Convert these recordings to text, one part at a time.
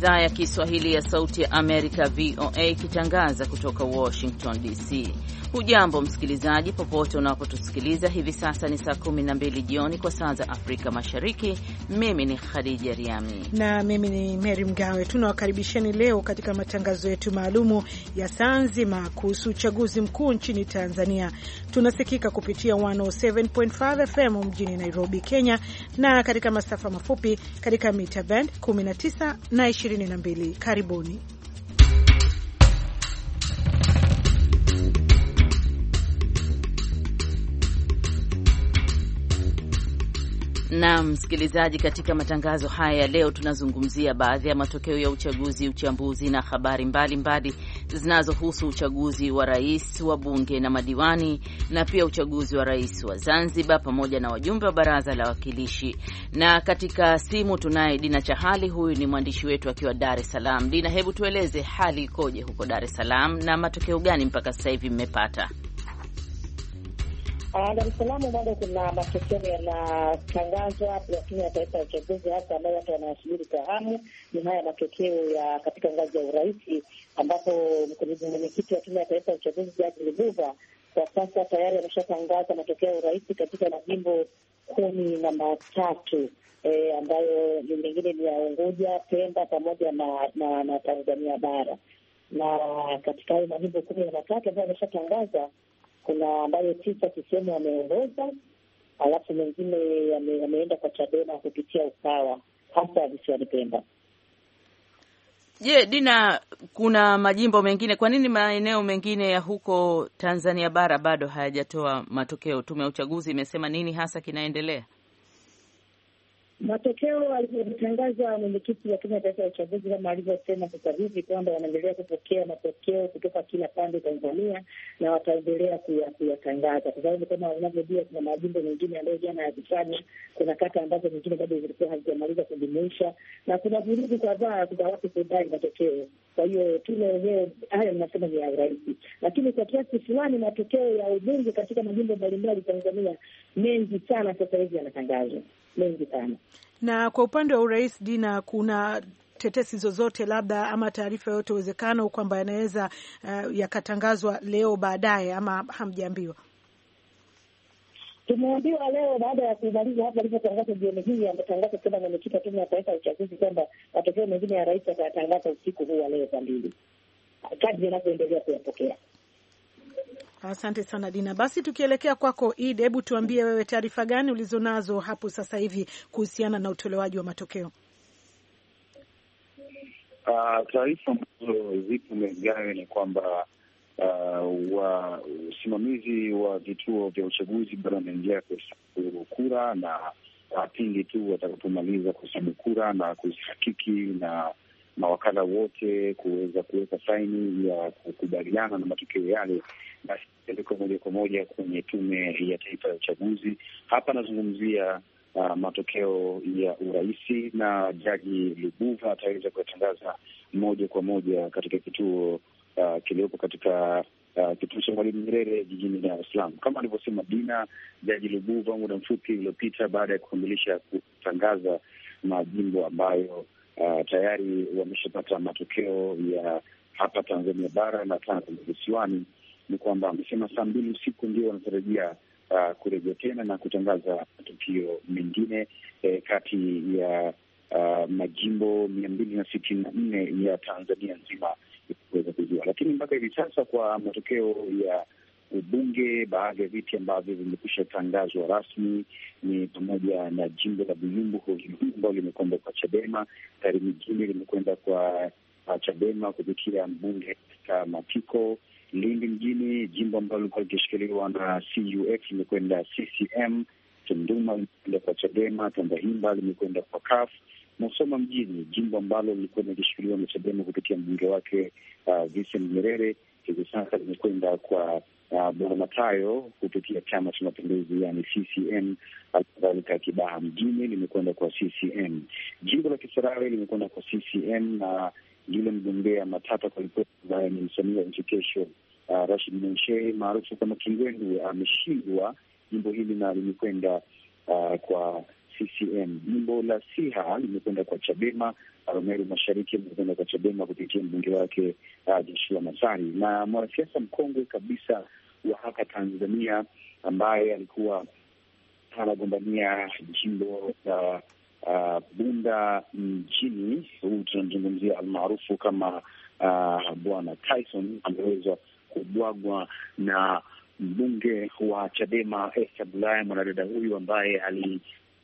idhaa ya Kiswahili ya Sauti ya Amerika, VOA, ikitangaza kutoka Washington DC. Hujambo msikilizaji, popote unapotusikiliza hivi sasa. Ni saa kumi na mbili jioni kwa saa za Afrika Mashariki. Mimi ni Khadija Riami na mimi ni Meri Mgawe. Tunawakaribisheni leo katika matangazo yetu maalumu ya saa nzima kuhusu uchaguzi mkuu nchini Tanzania. Tunasikika kupitia 107.5 FM mjini Nairobi, Kenya, na katika masafa mafupi katika mita band 19 na 22. Karibuni. Na msikilizaji, katika matangazo haya ya leo tunazungumzia baadhi ya matokeo ya uchaguzi, uchambuzi na habari mbalimbali zinazohusu uchaguzi wa rais, wa bunge na madiwani, na pia uchaguzi wa rais wa Zanzibar pamoja na wajumbe wa baraza la wawakilishi. Na katika simu tunaye Dina Chahali, huyu ni mwandishi wetu akiwa Dar es Salaam. Dina, hebu tueleze hali ikoje huko Dar es Salaam na matokeo gani mpaka sasa hivi mmepata? Ah, Dar es Salaam bado kuna matokeo yanatangazwa, lakini ya taifa ya uchaguzi hasa ambayo watu wanayasubiri kwa hamu ni haya matokeo ya katika ngazi ya urais, ambapo mkurugenzi mwenyekiti wa tume ya taifa ya uchaguzi Jaji Lubuva kwa sasa tayari ameshatangaza matokeo ya urais katika majimbo kumi na matatu e, ambayo mengine ni ya Unguja, Pemba pamoja na, na, na Tanzania bara na katika hayo majimbo kumi na matatu ambayo ameshatangaza kuna ambayo tisa CCM wameongoza, alafu mengine yameenda kwa Chadema kupitia Ukawa, hasa visiwani Pemba. Je, yeah, Dina, kuna majimbo mengine, kwa nini maeneo mengine ya huko Tanzania bara bado hayajatoa matokeo? Tume ya uchaguzi imesema nini hasa kinaendelea? Matokeo alivyotangaza mwenyekiti wa Tume ya Taifa ya Uchaguzi, kama alivyosema sasa hivi kwamba wanaendelea kupokea matokeo kutoka kila pande Tanzania, na wataendelea kuyatangaza, kwa sababu kama unavyojua, kuna majimbo mengine ambayo jana yakifanya, kuna kata ambazo nyingine bado zilikuwa hazijamaliza kujumuisha, na kuna vurugu kadhaa za watu kudai matokeo. Kwa hiyo tume wenyewe, haya mnasema ni ya urais, lakini kwa kiasi fulani matokeo ya ubunge katika majimbo mbalimbali Tanzania mengi sana sasa hivi yanatangazwa mengi sana. Na kwa upande wa urais, Dina, kuna tetesi zozote labda ama taarifa yoyote uwezekano kwamba yanaweza uh, yakatangazwa leo baadaye ama hamjaambiwa? Tumeambiwa leo baada ya kumaliza hapa alivyotangaza jioni hii, ametangaza kwamba mwenyekiti wa Tume ya Taifa ya Uchaguzi kwamba matokeo mengine ya rais atayatangaza usiku huu wa leo saa mbili, kadri anavyoendelea kuyapokea. Asante sana Dina. Basi tukielekea kwako Id, hebu tuambie wewe taarifa gani ulizonazo hapo sasa hivi kuhusiana na utolewaji wa matokeo? Uh, taarifa ambazo zipo mezani ni kwamba uh, wa usimamizi wa vituo vya uchaguzi bado wanaendelea kuhesabu kura na wapindi ah, tu watakapomaliza kuhesabu kura na kuzihakiki na mawakala wote kuweza kuweka saini ya kukubaliana na matokeo yale, basi pelekwa moja kwa moja kwenye Tume ya Taifa ya Uchaguzi. Hapa anazungumzia uh, matokeo ya uraisi na Jaji Lubuva ataweza kuyatangaza moja kwa moja katika kituo uh, kiliyopo katika Uh, kituo cha Mwalimu Nyerere jijini Dar es Salaam, kama alivyosema Dina. Jaji Lubuva muda mfupi uliopita, baada ya kukamilisha kutangaza majimbo ambayo uh, tayari wameshapata matokeo ya hapa Tanzania bara na Tanzania visiwani, ni kwamba wamesema saa mbili usiku ndio wanatarajia uh, kurejea tena na kutangaza matukio mengine eh, kati ya uh, majimbo mia mbili na sitini na nne ya Tanzania nzima kuweza kujua, lakini mpaka hivi sasa kwa matokeo ya ubunge. Baadhi ya viti ambavyo vimekwisha tangazwa rasmi ni pamoja na jimbo la Buyumbu ambalo limekwenda kwa Chadema, tayari limekwenda kwa Chadema kupitia mbunge katika Matiko. Lindi mjini, jimbo ambalo likuwa likishikiliwa na CUF limekwenda CCM. Tunduma limekwenda kwa Chadema. Tandahimba limekwenda kwa CUF. Musoma mjini, jimbo ambalo lilikuwa likishikiliwa na Chadema kupitia mbunge wake uh, Vincent Nyerere, hivi sasa limekwenda kwa uh, Matayo kupitia chama cha mapinduzi yani CCM, halikadhalika Kibaha mjini limekwenda kwa CCM, jimbo la Kisarawe limekwenda kwa CCM na uh, yule mgombea Matata Kalipoli ambaye ni msanii wa nchi kesho, uh, Rashid Menshe maarufu kama Kingwendu ameshindwa uh, jimbo hili na limekwenda uh, kwa CCM. Jimbo la Siha limekwenda kwa Chadema, Arumeru Mashariki limekwenda kwa Chadema kupitia mbunge wake uh, Joshua Masari, na mwanasiasa mkongwe kabisa wa hapa Tanzania ambaye alikuwa anagombania jimbo la uh, Bunda mjini, huu tunamzungumzia almaarufu kama uh, Bwana Tyson ameweza kubwagwa na mbunge wa Chadema Esther Bulaya, mwanadada huyu ambaye ali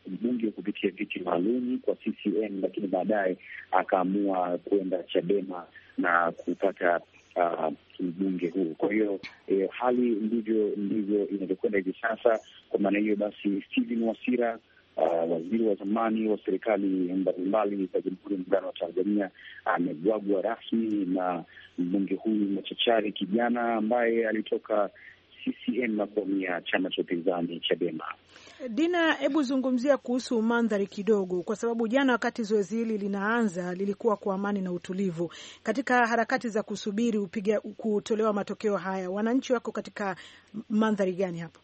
mbunge kupitia viti maalum kwa CCM, lakini baadaye akaamua kwenda Chadema na kupata Uh, mbunge huu. Kwa hiyo eh, hali ndivyo ndivyo inavyokwenda hivi sasa. Kwa maana hiyo basi, Stephen Wasira Uh, waziri wa zamani wa serikali mbalimbali za Jamhuri ya Muungano wa Tanzania amebwagwa rasmi na mbunge huyu machachari kijana ambaye alitoka CCM na fomu ya chama cha upinzani Chadema. Dina, hebu zungumzia kuhusu mandhari kidogo, kwa sababu jana wakati zoezi hili linaanza lilikuwa kwa amani na utulivu. Katika harakati za kusubiri upiga kutolewa matokeo haya, wananchi wako katika mandhari gani hapo?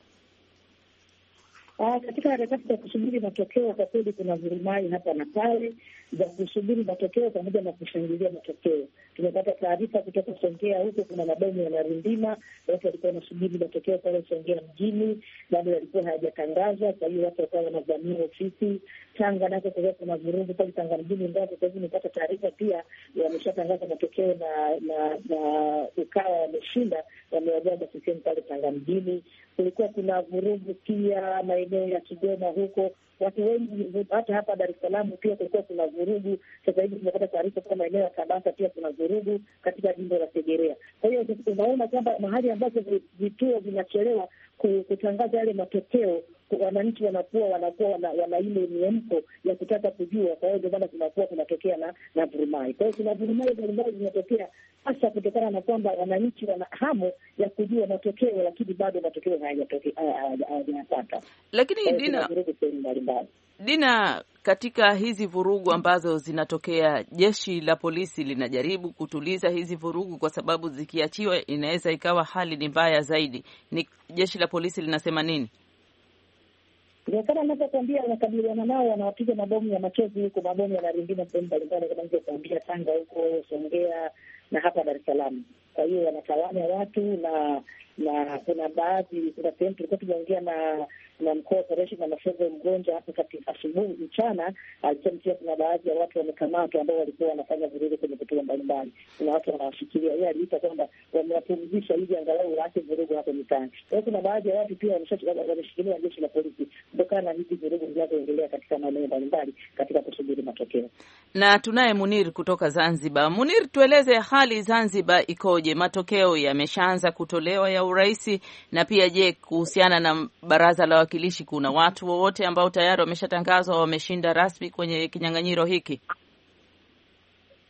Ah, katika harakati za kusubiri matokeo, kwa kweli kuna vurumai hapa na pale za kusubiri matokeo pamoja na kushangilia matokeo. Tumepata taarifa kutoka Songea, huko kuna mabomu yanarindima, watu walikuwa wanasubiri matokeo pale Songea mjini, bado yalikuwa hayajatangazwa. Kwa hiyo watu wakawa wanavamia ofisi. Tanga nako kuwa kuna vurugu pale Tanga mjini, ndako. Kwa hivi nimepata taarifa pia wameshatangaza matokeo na na na Ukawa wameshinda, wamewajaza sehemu pale Tanga mjini. Kulikuwa kuna vurugu pia maeneo ya Kigoma huko watu wengi hata hapa Dar es Salaam pia kulikuwa kuna vurugu. Sasa hivi tumepata taarifa kwa maeneo ya Tabasa pia kuna vurugu katika jimbo la Segerea. Kwa hiyo unaona kwamba mahali ambapo vituo vinachelewa kutangaza yale matokeo wananchi wanakuwa wanakuwa wana, wana ile miemko ya kutaka kujua. Kwa hiyo ndio maana kunakuwa kunatokea na na vurumai. Kwa hiyo kuna vurumai mbalimbali zinatokea hasa kutokana na kwamba wananchi wana hamu ya kujua matokeo, lakini bado matokeo hayajapata. Lakini Dina, Dina, katika hizi vurugu ambazo zinatokea, jeshi la polisi linajaribu kutuliza hizi vurugu, kwa sababu zikiachiwa inaweza ikawa hali ni mbaya zaidi. Ni jeshi la polisi linasema nini? Biashara anapokuambia wanakabiliana nao, wanawapiga mabomu ya machozi huko, mabomu yanarindima sehemu mbalimbali, kama nivyokuambia Tanga huko, Songea na hapa Dar es Salaam. Kwa hiyo wanatawanya watu na na kuna baadhi, kuna sehemu tulikuwa tumeongea na na mkuu wa operesheni mafunzo mgonjwa hapo kati asubuhi mchana alisema pia kuna baadhi ya watu wamekamatwa ambao walikuwa wanafanya vurugu kwenye vituo mbalimbali. Kuna watu wanawashikilia, yeye aliita kwamba wamewapumzisha ili angalau waache vurugu hapo mitaani. Kwa hiyo kuna baadhi ya watu pia wameshikiliwa jeshi la polisi kutokana na hizi vurugu zinazoendelea katika maeneo mbalimbali katika kusubiri matokeo. Na tunaye Munir kutoka Zanzibar. Munir, tueleze hali Zanzibar ikoje? Matokeo yameshaanza kutolewa ya urahisi na pia je, kuhusiana na baraza la wawakilishi, kuna watu wowote ambao tayari wameshatangazwa wameshinda rasmi kwenye kinyang'anyiro hiki?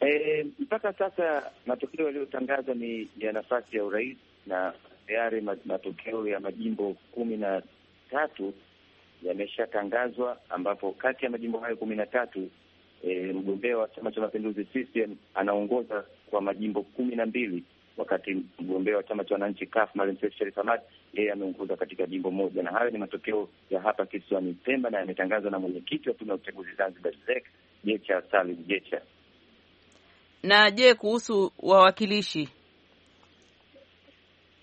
E, mpaka sasa matokeo yaliyotangazwa ni ya nafasi ya urais na tayari matokeo ya majimbo kumi na tatu yameshatangazwa ambapo kati ya majimbo hayo kumi na tatu e, mgombea wa Chama cha Mapinduzi CCM anaongoza kwa majimbo kumi na mbili wakati mgombea wa chama cha wananchi CUF Maalim Seif Sharif Hamad yeye ameongoza katika jimbo moja, na hayo ni matokeo ya hapa kisiwani Pemba na yametangazwa na mwenyekiti wa tume ya uchaguzi Zanzibar ZEC Jecha Salim Jecha. Na je, kuhusu wawakilishi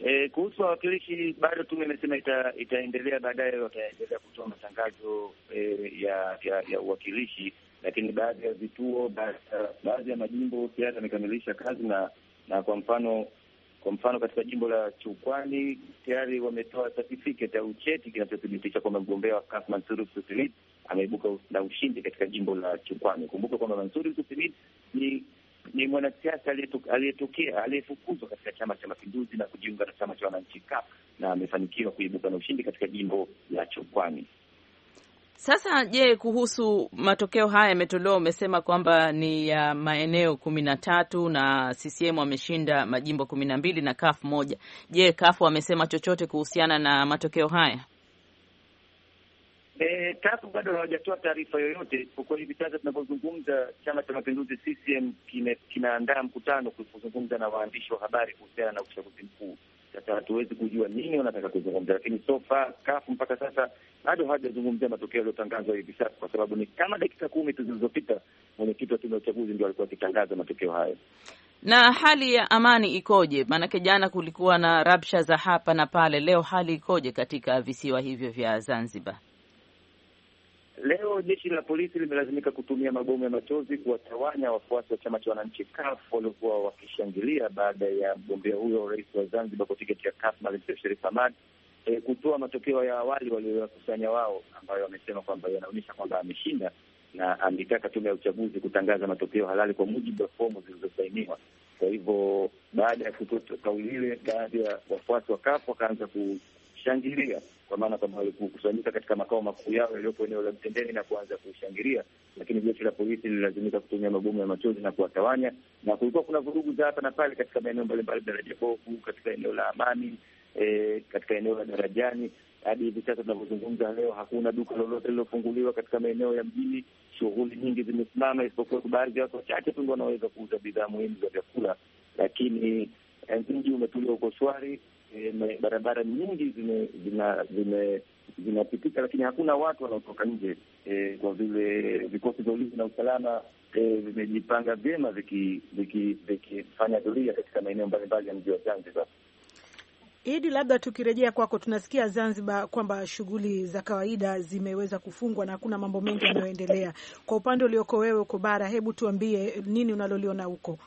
E, kuhusu wawakilishi bado tume imesema ita, itaendelea baadaye, wataendelea kutoa matangazo e, ya, ya ya uwakilishi, lakini baadhi ya vituo, baadhi ya majimbo tayari yamekamilisha kazi na na kwa mfano kwa mfano katika jimbo la Chukwani tayari wametoa certificate au cheti kinachothibitisha kwamba mgombea wa CUF Mansur Sufiid ameibuka na ushindi katika jimbo la Chukwani. Kumbuka kwamba Mansuri Sufiid ni ni mwanasiasa aliyetokea aliyefukuzwa katika Chama cha Mapinduzi na kujiunga na Chama cha Wananchi CUF na amefanikiwa kuibuka na ushindi katika jimbo la Chukwani. Sasa je, kuhusu matokeo haya yametolewa, umesema kwamba ni ya uh, maeneo kumi na tatu na CCM wameshinda majimbo kumi na mbili na CAF moja. Je, kafu wamesema chochote kuhusiana na matokeo haya? E, eh, CAF bado hawajatoa taarifa yoyote, isipokuwa hivi sasa tunavyozungumza, Chama cha Mapinduzi CCM kinaandaa mkutano kuzungumza na waandishi wa habari kuhusiana na uchaguzi mkuu. Sasa hatuwezi kujua nini wanataka kuzungumza, lakini so far kafu mpaka sasa bado hawajazungumzia matokeo yaliyotangazwa hivi sasa, kwa sababu ni kama dakika kumi tu zilizopita mwenyekiti wa tume ya uchaguzi ndio alikuwa akitangaza matokeo hayo. Na hali ya amani ikoje? Maanake jana kulikuwa na rabsha za hapa na pale, leo hali ikoje katika visiwa hivyo vya Zanzibar? Leo jeshi la polisi limelazimika kutumia mabomu ya machozi kuwatawanya wafuasi wa chama cha wananchi CUF waliokuwa wakishangilia baada ya mgombea huyo rais wa Zanzibar kwa tiketi ya CUF Maalim Sharif Hamad e, kutoa matokeo ya awali walioyakusanya wao, ambayo wamesema kwamba yanaonyesha kwamba ameshinda, na ameitaka tume ya uchaguzi kutangaza matokeo halali kwa mujibu wa fomu zilizosainiwa. Kwa hivyo baada ya kutoa kauli ile, baadhi ya wafuasi wa CUF wakaanza kushangilia kwa maana kwamba walikukusanyika katika makao makuu yao yaliyopo eneo la Mtendeni na kuanza kushangilia, lakini jeshi la polisi lililazimika kutumia mabomu ya machozi na kuwatawanya, na kulikuwa kuna vurugu za hapa na pale katika maeneo mbalimbali, daraja bovu, katika eneo la Amani, e, katika eneo la Darajani. Hadi hivi sasa tunavyozungumza leo, hakuna duka lolote lililofunguliwa katika maeneo ya mjini. Shughuli nyingi zimesimama, isipokuwa baadhi ya watu wachache tu ndio wanaweza kuuza bidhaa muhimu za vyakula, lakini eh, mji umetulia uko shwari e, barabara nyingi zinapitika zime, zime, zime, lakini hakuna watu wanaotoka nje e, kwa vile vikosi vya ulinzi na usalama e, vimejipanga vyema vikifanya doria katika maeneo mbalimbali ya mji wa Zanzibar. Idi, labda tukirejea kwako, tunasikia Zanzibar kwamba shughuli za kawaida zimeweza kufungwa na hakuna mambo mengi yanayoendelea. Kwa upande ulioko wewe uko bara, hebu tuambie nini unaloliona huko?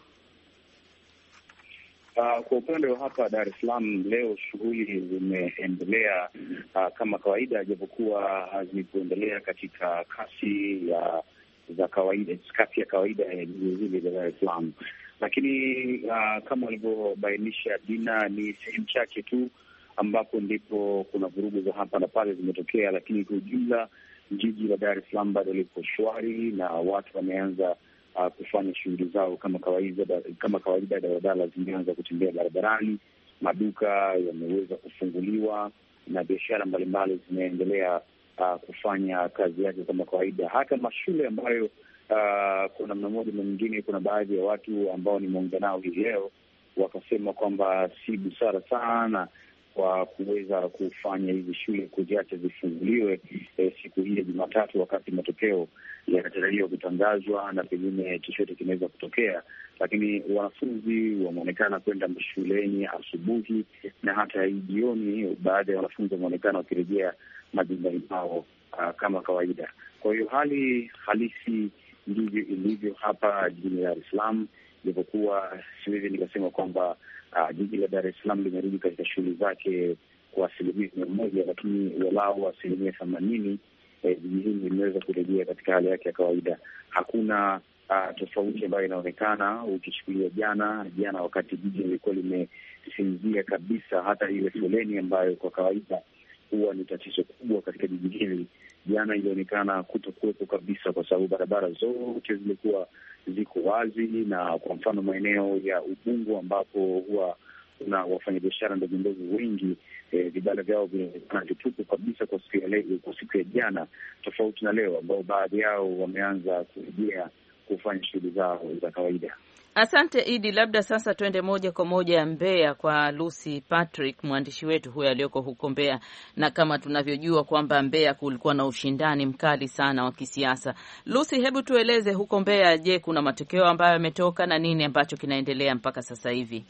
Uh, kwa upande wa hapa Dar es Salaam leo shughuli zimeendelea uh, kama kawaida, japokuwa hazikuendelea katika kasi ya za kawaida, kasi ya kawaida ya jiji hili za Dar es Salaam, lakini uh, kama walivyobainisha Dina, ni sehemu chache tu ambapo ndipo kuna vurugu za hapa na pale zimetokea, lakini kwa ujumla jiji la Dar es Salaam bado lipo shwari na watu wameanza uh, kufanya shughuli zao kama kawaida. Kama kawaida, daladala zimeanza kutembea barabarani, maduka yameweza kufunguliwa na biashara mbalimbali zimeendelea uh, kufanya kazi yake kama kawaida, hata mashule ambayo uh, kwa namna moja na nyingine, kuna baadhi ya watu ambao nimeongea nao hii leo wakasema kwamba si busara sana kwa kuweza kufanya hizi shule kuziacha zifunguliwe e, siku hii ya Jumatatu, wakati matokeo yanatarajiwa kutangazwa na pengine chochote kinaweza kutokea, lakini wanafunzi wameonekana kwenda mashuleni asubuhi na hata hii jioni, baadhi ya wanafunzi wameonekana wakirejea majumbani pao ah, kama kawaida. Kwa hiyo hali halisi ndivyo ilivyo hapa jijini Dar es Salaam, japokuwa siwezi nikasema kwamba Uh, jiji la Dar es Salaam limerudi katika shughuli zake kwa asilimia mia moja, lakini walau asilimia themanini eh, jiji hili limeweza kurejea katika hali yake ya kawaida. Hakuna uh, tofauti ambayo inaonekana ukichukulia jana jana, wakati jiji lilikuwa limesinzia kabisa, hata ile foleni ambayo kwa kawaida huwa ni tatizo kubwa katika jiji hili, jana ilionekana kuto kuwepo kabisa, kwa sababu barabara zote zilikuwa ziko wazi, na kwa mfano maeneo ya Ubungo ambapo huwa kuna wafanyabiashara ndogo wengi e, vibanda e, vyao vinaonekana vitupu kabisa kwa siku ya leo, kwa siku ya jana, tofauti na leo ambao baadhi yao wameanza kurejea kufanya shughuli zao za kawaida. Asante Idi, labda sasa tuende moja kwa moja Mbeya kwa Lucy Patrick, mwandishi wetu huyo aliyoko huko Mbeya. Na kama tunavyojua kwamba Mbeya kulikuwa na ushindani mkali sana wa kisiasa. Lucy, hebu tueleze huko Mbeya, je, kuna matokeo ambayo yametoka na nini ambacho kinaendelea mpaka sasa hivi?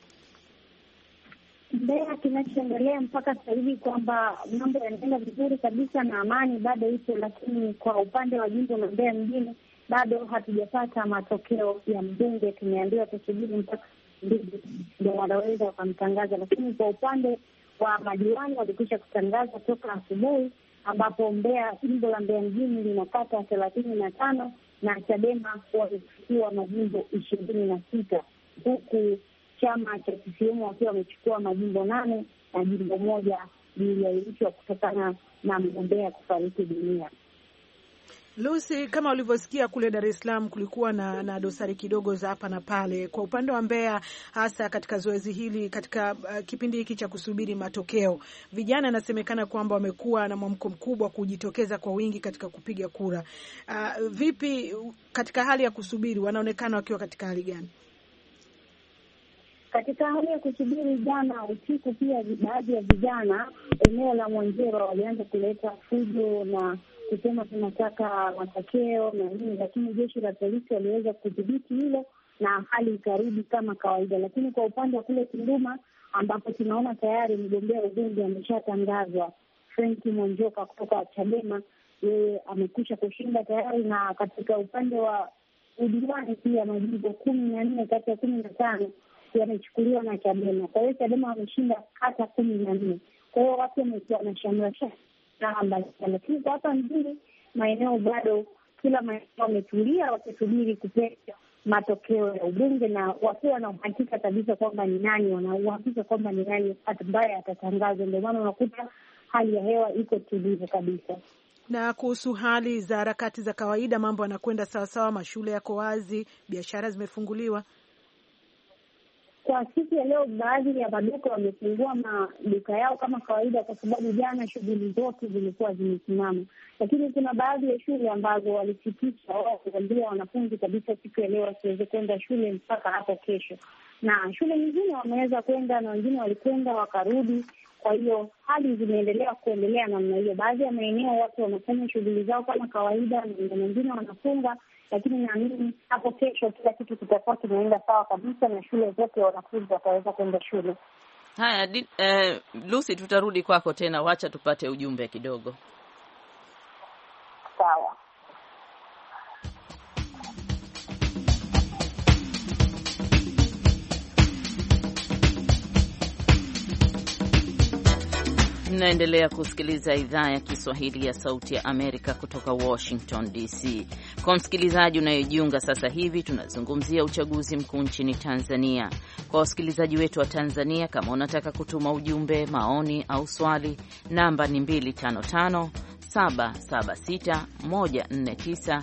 Mbeya kinachoendelea mpaka sasa hivi kwamba mambo yanaenda vizuri kabisa na amani bado ipo, lakini kwa upande wa jimbo la Mbeya mjini bado hatujapata matokeo ya mbunge. Tumeambiwa tusubiri mpaka mbili ndio wanaweza wakamtangaza, lakini kwa upande wa madiwani walikwisha kutangaza toka asubuhi, ambapo mbea jimbo la mbea mjini linapata thelathini na tano na Chadema wamefikiwa majimbo ishirini na sita huku chama cha CCM wakiwa wamechukua majimbo nane na jimbo moja liliahirishwa kutokana na mgombea kufariki dunia. Lucy, kama ulivyosikia kule Dar es Salaam kulikuwa na, na dosari kidogo za hapa na pale kwa upande wa Mbeya, hasa katika zoezi hili, katika uh, kipindi hiki cha kusubiri matokeo. Vijana anasemekana kwamba wamekuwa na mwamko mkubwa kujitokeza kwa wingi katika kupiga kura. Uh, vipi katika hali ya kusubiri, wanaonekana wakiwa katika hali gani? Katika hali ya kusubiri, jana usiku pia baadhi ya vijana eneo la Mwanjero walianza kuleta fujo na kusema tunataka matokeo na nini, lakini jeshi la polisi waliweza kudhibiti hilo na hali ikarudi kama kawaida. Lakini kwa upande wa kule Tunduma ambapo tunaona tayari mgombea ubunge ameshatangazwa frenki Monjoka kutoka Chadema, yeye amekwisha kushinda tayari, na katika upande wa udiwani pia majimbo kumi na nne kati ya kumi na tano yamechukuliwa na Chadema. Kwa hiyo Chadema wameshinda kata kumi na nne. Kwa hiyo watu wamekuwa na shamrashamra mbalimbali, lakini kwa hapa mjini, maeneo bado kila maeneo wametulia wakisubiri kupata matokeo ya ubunge na wakiwa na uhakika kabisa kwamba ni nani, wanauhakika kwamba ni nani ambaye atatangazwa. Ndio maana unakuta hali ya hewa iko tulivu kabisa. Na kuhusu hali za harakati za kawaida, mambo yanakwenda sawasawa, mashule yako wazi, biashara zimefunguliwa. Kwa siku ya leo, baadhi ya maduka wamefungua maduka yao kama kawaida, kwa sababu jana shughuli zote zilikuwa zimesimama, lakini kuna baadhi ya shule ambazo walisitisha wao kuambia wanafunzi kabisa siku ya leo wasiweze kwenda shule mpaka hapo kesho, na shule nyingine wameweza kwenda na wengine walikwenda wakarudi kwa hiyo hali zimeendelea kuendelea namna hiyo. Baadhi ya maeneo watu wanafanya shughuli zao kama kawaida, na mengine wanafunga, lakini naamini hapo kesho kila kitu kitakuwa kinaenda sawa kabisa, na shule zote wanafunzi wataweza kwenda shule. Haya, eh, Lucy, tutarudi kwako tena, wacha tupate ujumbe kidogo. Sawa. Mnaendelea kusikiliza idhaa ya Kiswahili ya Sauti ya Amerika kutoka Washington DC. Kwa msikilizaji unayojiunga sasa hivi, tunazungumzia uchaguzi mkuu nchini Tanzania. Kwa wasikilizaji wetu wa Tanzania, kama unataka kutuma ujumbe, maoni au swali, namba ni 255 776 149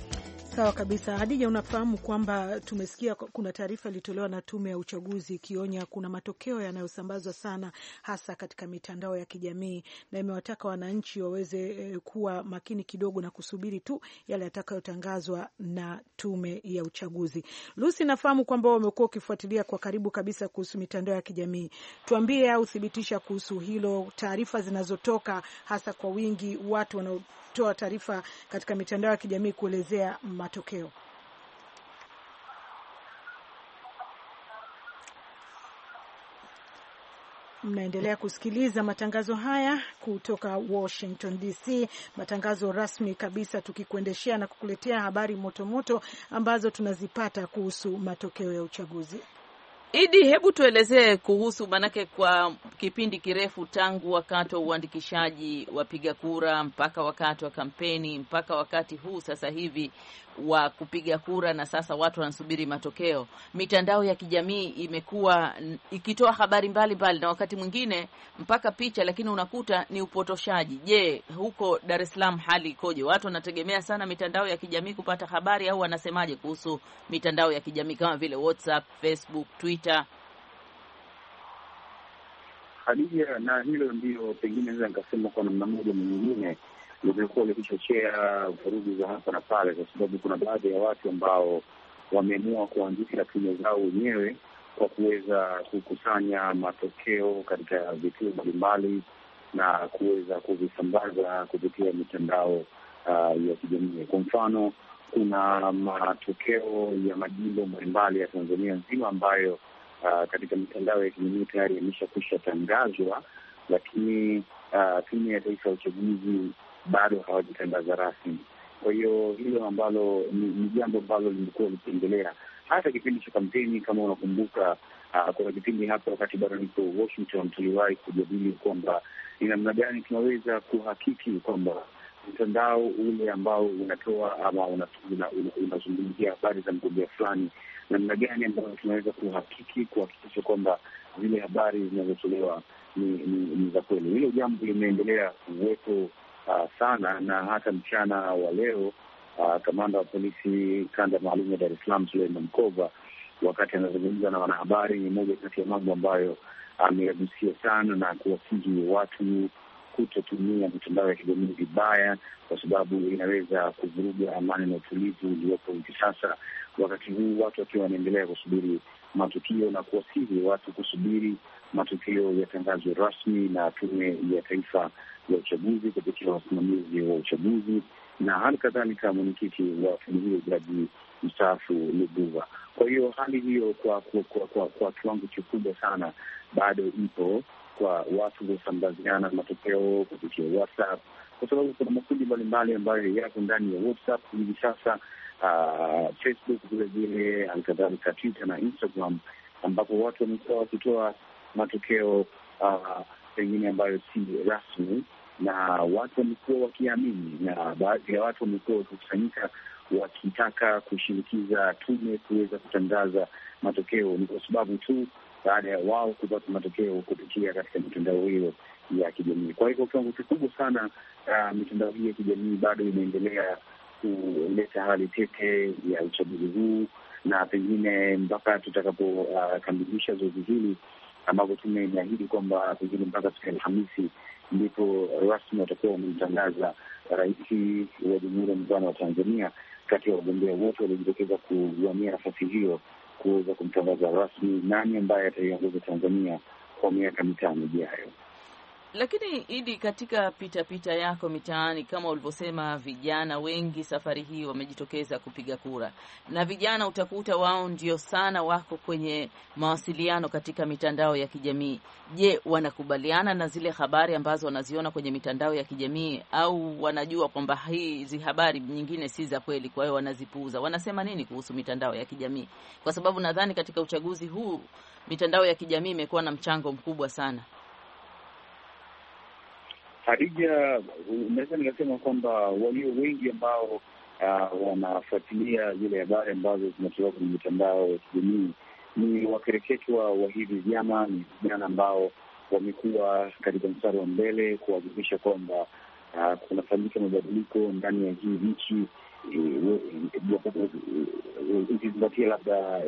Sawa kabisa Hadija, unafahamu kwamba tumesikia kuna taarifa ilitolewa na tume ya uchaguzi ikionya kuna matokeo yanayosambazwa sana hasa katika mitandao ya kijamii, na imewataka wananchi waweze eh, kuwa makini kidogo na kusubiri tu yale yatakayotangazwa na tume ya uchaguzi. Lusi, nafahamu kwamba wamekuwa ukifuatilia kwa karibu kabisa kuhusu mitandao ya kijamii, tuambie au thibitisha kuhusu hilo, taarifa zinazotoka hasa kwa wingi watu wanao kutoa taarifa katika mitandao ya kijamii kuelezea matokeo. Mnaendelea kusikiliza matangazo haya kutoka Washington DC, matangazo rasmi kabisa, tukikuendeshea na kukuletea habari motomoto ambazo tunazipata kuhusu matokeo ya uchaguzi. Idi, hebu tuelezee kuhusu, maanake kwa kipindi kirefu tangu wakati wa uandikishaji wapiga kura mpaka wakati wa kampeni mpaka wakati huu sasa hivi wa kupiga kura na sasa watu wanasubiri matokeo. Mitandao ya kijamii imekuwa ikitoa habari mbalimbali na wakati mwingine mpaka picha, lakini unakuta ni upotoshaji. Je, huko Dar es Salaam hali ikoje? Watu wanategemea sana mitandao ya kijamii kupata habari, au wanasemaje kuhusu mitandao ya kijamii kama vile WhatsApp, Facebook, Twitter? Hadija, na hilo ndio pengine naweza nikasema kwa namna moja na nyingine limekuwa likichochea vurugu za hapa na pale, kwa sababu kuna baadhi ya watu ambao wameamua kuanzisha tume zao wenyewe kwa kuweza kukusanya matokeo katika vituo mbalimbali na kuweza kuvisambaza kupitia mitandao uh, ya kijamii. Kwa mfano, kuna matokeo ya majimbo mbalimbali ya Tanzania nzima ambayo uh, katika mitandao ya kijamii tayari yameshakwisha tangazwa, lakini uh, Tume ya Taifa ya Uchaguzi bado hawajatangaza rasmi. Kwa hiyo hilo ambalo ni jambo ambalo limekuwa likiendelea hata kipindi cha kampeni. Kama unakumbuka, uh, kuna kipindi hapa wakati bado niko Washington tuliwahi kujadili kwamba ni namna gani tunaweza kuhakiki kwamba mtandao ule ambao unatoa ama unazungumzia habari za mgombea fulani, namna gani ambayo tunaweza kuhakiki kuhakikisha kwamba zile habari zinazotolewa ni za kweli. Hilo jambo limeendelea kuwepo uh, sana na hata mchana wa leo uh, kamanda wa polisi kanda maalum ya Dar es Salaam Suleiman Mkova, wakati anazungumza na wanahabari, ni moja kati ya mambo ambayo ameyagusia sana na kuwasihi watu kutotumia mitandao ya kijamii vibaya, kwa sababu inaweza kuvuruga amani na utulivu uliopo hivi sasa, wakati huu watu wakiwa wanaendelea kusubiri matukio na kuwasihi watu kusubiri matukio yatangazwe rasmi na Tume ya Taifa ya Uchaguzi kupitia wasimamizi wa uchaguzi na hali kadhalika mwenyekiti wa tume hiyo jaji mstaafu Lubuva. Kwa hiyo hali hiyo kwa kwa, kwa, kwa, kwa kiwango kikubwa sana bado ipo kwa watu kusambaziana matokeo kupitia WhatsApp kwa sababu kuna makundi mbalimbali ambayo yako ndani ya WhatsApp hivi sasa uh, Facebook vilevile, halikadhalika Twitter na Instagram, ambapo watu wamekuwa wakitoa matokeo uh, pengine uh, ambayo si rasmi, na watu wamekuwa wakiamini, na baadhi ya watu wamekuwa wakikusanyika wakitaka kushinikiza tume kuweza kutangaza matokeo. Ni kwa sababu tu baada ya wao kupata matokeo kupitia katika mitandao hiyo ya kijamii. Kwa hivyo kiwango kikubwa sana uh, mitandao hii ya kijamii bado inaendelea kuleta hali tete ya uchaguzi huu, na pengine mpaka tutakapokamilisha uh, zoezi hili ambapo tume imeahidi kwamba pengine mpaka siku ya Alhamisi ndipo rasmi watakuwa wamemtangaza rais wa Jamhuri ya Muungano wa Tanzania kati ya wagombea wote waliojitokeza kuwania nafasi hiyo kuweza kumtangaza rasmi nani ambaye ataiongoza Tanzania kwa miaka mitano ijayo. Lakini Idi, katika pitapita pita yako mitaani, kama ulivyosema, vijana wengi safari hii wamejitokeza kupiga kura, na vijana utakuta wao ndio sana wako kwenye mawasiliano katika mitandao ya kijamii. Je, wanakubaliana na zile habari ambazo wanaziona kwenye mitandao ya kijamii au wanajua kwamba hizi habari nyingine si za kweli, kwa hiyo wanazipuuza? Wanasema nini kuhusu mitandao ya kijamii? Kwa sababu nadhani katika uchaguzi huu mitandao ya kijamii imekuwa na mchango mkubwa sana. Hadija, unaweza nikasema kwamba walio wengi ambao uh, wanafuatilia zile habari ambazo zinatolewa kwenye mitandao ya kijamii ni wakereketwa wa hivi vyama, ni vijana ambao wamekuwa katika mstari wa mbele kuhakikisha kwamba uh, kunafanyika mabadiliko ndani ya hii nchi eh, ikizingatia labda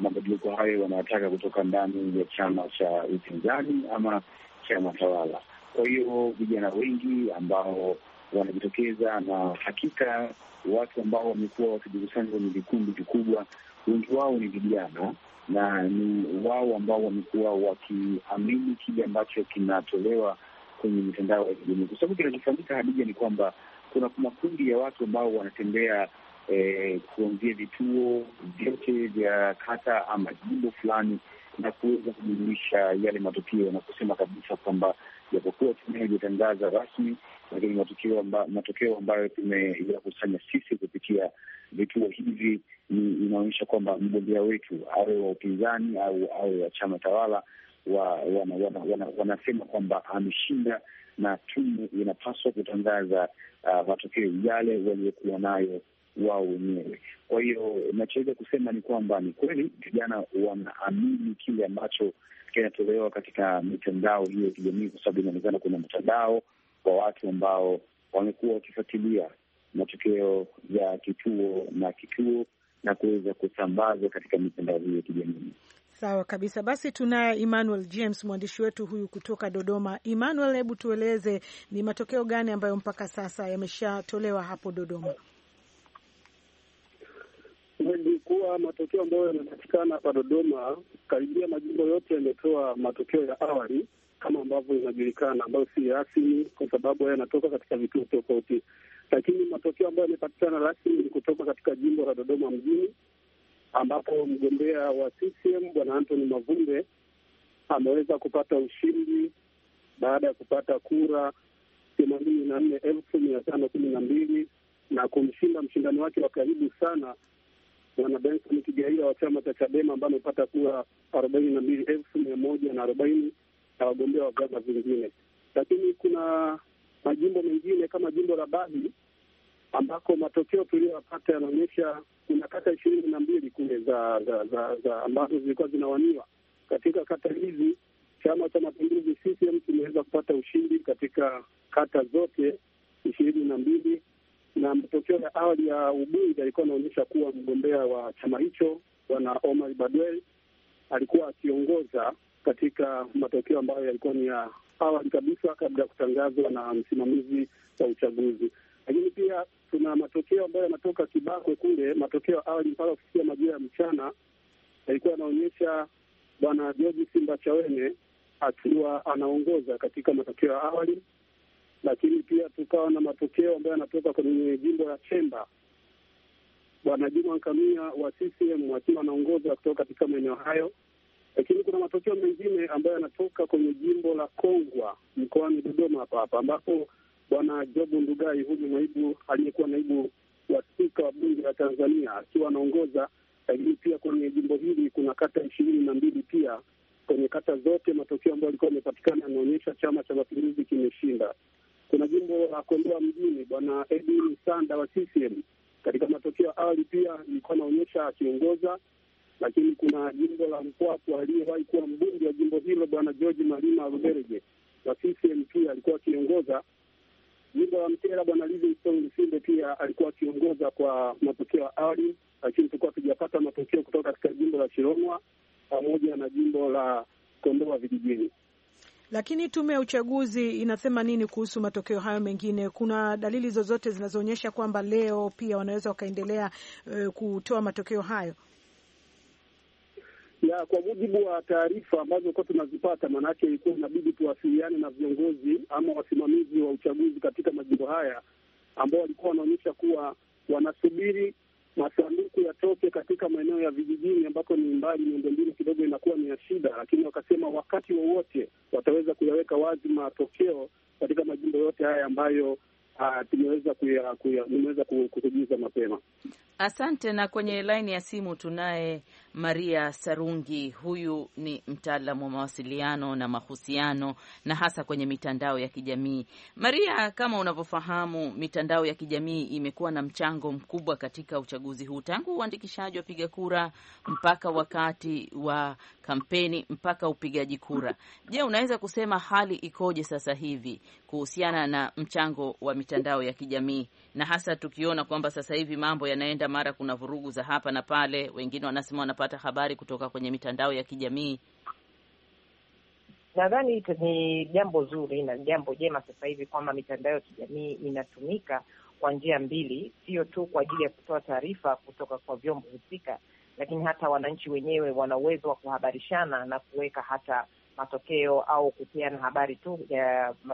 mabadiliko hayo wanayotaka kutoka ndani ya chama cha upinzani ama chama tawala. Kwa hiyo vijana wengi ambao wanajitokeza, na hakika watu ambao wamekuwa wakijikusanya kwenye vikundi vikubwa, wengi wao ni vijana na ni wao ambao wamekuwa wakiamini kile ambacho kinatolewa kwenye mitandao ya kijamii, kwa sababu kinachofanyika, Hadija, ni kwamba kuna makundi ya watu ambao wanatembea eh, kuanzia vituo vyote vya kata ama jimbo fulani na kuweza kujumuisha yale matukio na kusema kabisa kwamba japokuwa tume haijatangaza rasmi, lakini matokeo matokeo ambayo tumeyakusanya sisi kupitia vituo hivi inaonyesha kwamba mgombea wetu awe wa upinzani au awe wa chama tawala wanasema wana, wana, wana kwamba ameshinda na tume inapaswa kutangaza uh, matokeo yale waliokuwa nayo wao wenyewe. Kwa hiyo nachoweza kusema ni kwamba ni kweli vijana wanaamini kile ambacho kinatolewa katika mitandao hiyo ya kijamii, kwa sababu inaonekana kuna mtandao kwa watu ambao wamekuwa wakifuatilia matokeo ya kituo na kituo na kuweza kusambazwa katika mitandao hiyo ya kijamii. Sawa kabisa. Basi tunaye Emmanuel James, mwandishi wetu huyu kutoka Dodoma. Emmanuel, hebu tueleze ni matokeo gani ambayo mpaka sasa yameshatolewa hapo Dodoma? kweli kuwa matokeo ambayo yanapatikana hapa Dodoma, karibia majimbo yote yametoa matokeo ya awali kama ambavyo inajulikana, ambayo si rasmi, kwa sababu haya yanatoka katika vituo tofauti, lakini matokeo ambayo yamepatikana rasmi ni kutoka katika jimbo la Dodoma mjini, ambapo mgombea wa CCM Bwana Anthony Mavunde ameweza kupata ushindi baada ya kupata kura themanini na nne elfu mia tano kumi na mbili na kumshinda mshindani wake wa karibu sana Bwana Benson Kigaia wa chama cha Chadema ambaye amepata kura arobaini na mbili elfu mia moja na arobaini na wagombea wa vyama vingine. Lakini kuna majimbo mengine kama jimbo la Bahi ambako matokeo tuliyoyapata yanaonyesha kuna kata ishirini na mbili kule za za, za, za ambazo zilikuwa zinawaniwa. Katika kata hizi chama cha mapinduzi CCM kimeweza kupata ushindi katika kata zote ishirini na mbili na matokeo ya awali ya Ubunge alikuwa anaonyesha kuwa mgombea wa chama hicho Bwana Omar Badwel alikuwa akiongoza katika matokeo ambayo yalikuwa ni ya awali kabisa kabla ya kutangazwa na msimamizi wa uchaguzi. Lakini pia tuna matokeo ambayo yanatoka Kibakwe kule, matokeo ya awali mpaka kufikia majira ya mchana yalikuwa yanaonyesha Bwana George chawene akiwa anaongoza katika matokeo ya awali lakini pia tukawa na matokeo ambayo yanatoka kwenye jimbo la Chemba, bwana Juma Kamia wa CCM akiwa anaongoza kutoka katika maeneo hayo, lakini kuna matokeo mengine ambayo yanatoka kwenye jimbo la Kongwa mkoani Dodoma hapa hapa ambapo bwana Jobu Ndugai, huyu naibu aliyekuwa naibu wa spika wa bunge la Tanzania akiwa anaongoza. Lakini pia kwenye jimbo hili kuna kata ishirini na mbili pia kwenye kata zote matokeo ambayo alikuwa amepatikana yanaonyesha Chama cha Mapinduzi kimeshinda. Kuna jimbo la Kondoa mjini, bwana Edwin Sanda wa CCM katika matokeo ya awali pia ilikuwa anaonyesha akiongoza, lakini kuna jimbo la Mpwapwa aliyewahi kuwa mbunge wa jimbo hilo bwana George Malima Ruberege wa CCM pia alikuwa akiongoza. Jimbo la Mtera bwana Livingstone Lusinde pia alikuwa akiongoza kwa matokeo ya awali, lakini tulikuwa tujapata matokeo kutoka katika jimbo la Chiromwa pamoja na jimbo la Kondoa vijijini. Lakini tume ya uchaguzi inasema nini kuhusu matokeo hayo mengine? Kuna dalili zozote zinazoonyesha kwamba leo pia wanaweza wakaendelea e, kutoa matokeo hayo? Ya, kwa mujibu wa taarifa ambazo kuwa tunazipata, maanake ilikuwa inabidi tuwasiliane na viongozi ama wasimamizi wa uchaguzi katika majimbo haya ambao walikuwa wanaonyesha kuwa wanasubiri masanduku yatoke katika maeneo ya vijijini ambapo ni mbali, miundombinu kidogo inakuwa ni ya shida, lakini wakasema wakati wowote wa wataweza kuyaweka wazi matokeo katika majimbo yote haya ambayo ah, tumeweza nimeweza kukujuza mapema. Asante. Na kwenye laini ya simu tunaye Maria Sarungi, huyu ni mtaalamu wa mawasiliano na mahusiano na hasa kwenye mitandao ya kijamii. Maria, kama unavyofahamu, mitandao ya kijamii imekuwa na mchango mkubwa katika uchaguzi huu tangu uandikishaji wa piga kura mpaka wakati wa kampeni mpaka upigaji kura. Je, unaweza kusema hali ikoje sasa hivi kuhusiana na mchango wa mitandao ya kijamii na hasa tukiona kwamba sasa hivi mambo yanaenda, mara kuna vurugu za hapa na pale, wengine wanasema wanapata habari kutoka kwenye mitandao ya kijamii. Nadhani ni jambo zuri na jambo jema sasa hivi kwamba mitandao ya kijamii inatumika kwa njia mbili, sio tu kwa ajili ya kutoa taarifa kutoka kwa vyombo husika, lakini hata wananchi wenyewe wana uwezo wa kuhabarishana na kuweka hata matokeo au kupeana habari tu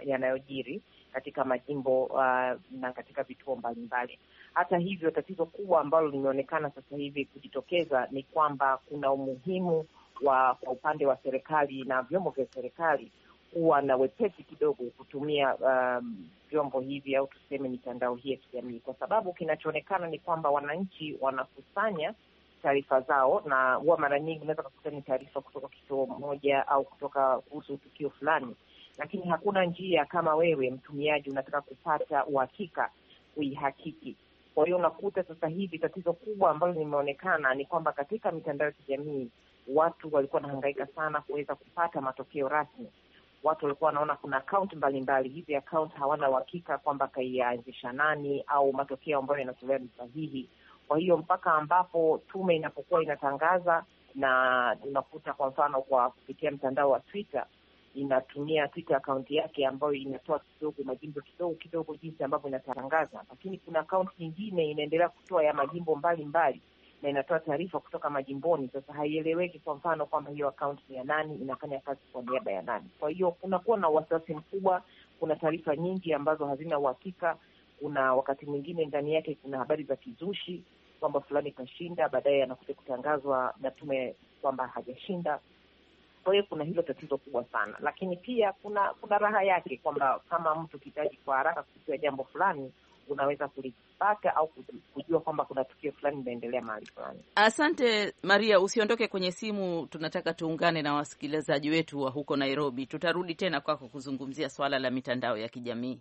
yanayojiri ya katika majimbo uh, na katika vituo mbalimbali. Hata hivyo, tatizo kubwa ambalo limeonekana sasa hivi kujitokeza ni kwamba kuna umuhimu wa kwa upande wa serikali na vyombo vya serikali kuwa na wepesi kidogo kutumia um, vyombo hivi au tuseme mitandao hii ya kijamii, kwa sababu kinachoonekana ni kwamba wananchi wanakusanya taarifa zao, na huwa mara nyingi unaweza kukuta ni taarifa kutoka kituo moja au kutoka kuhusu tukio fulani lakini hakuna njia kama wewe mtumiaji unataka kupata uhakika kuihakiki. Kwa hiyo unakuta sasa hivi tatizo kubwa ambalo limeonekana ni kwamba katika mitandao ya kijamii watu walikuwa wanahangaika sana kuweza kupata matokeo rasmi. Watu walikuwa wanaona kuna akaunti mbalimbali, hizi akaunti hawana uhakika kwamba kaianzisha nani au matokeo ambayo yanatolewa ni sahihi. Kwa hiyo mpaka ambapo tume inapokuwa inatangaza, na unakuta kwa mfano kwa kupitia mtandao wa Twitter inatumia Twitter akaunti yake ambayo inatoa kidogo majimbo kidogo kidogo, jinsi ambavyo inatangaza, lakini kuna akaunti nyingine inaendelea kutoa ya majimbo mbalimbali na inatoa taarifa kutoka majimboni. Sasa haieleweki, kwa mfano kwamba hiyo akaunti ni ya nani, inafanya kazi kwa niaba ya nani. Kwa hiyo kunakuwa na wasiwasi mkubwa, kuna taarifa nyingi ambazo hazina uhakika. Kuna wakati mwingine ndani yake kuna habari za kizushi kwamba fulani kashinda, baadaye anakuja kutangazwa na tume kwamba hajashinda. Kwa hiyo kuna hilo tatizo kubwa sana, lakini pia kuna kuna raha yake kwamba kama mtu kihitaji kwa haraka kufikia jambo fulani unaweza kulipata au kujua kwamba kuna tukio fulani linaendelea mahali fulani. Asante Maria, usiondoke kwenye simu, tunataka tuungane na wasikilizaji wetu wa huko Nairobi. Tutarudi tena kwako kuzungumzia swala la mitandao ya kijamii.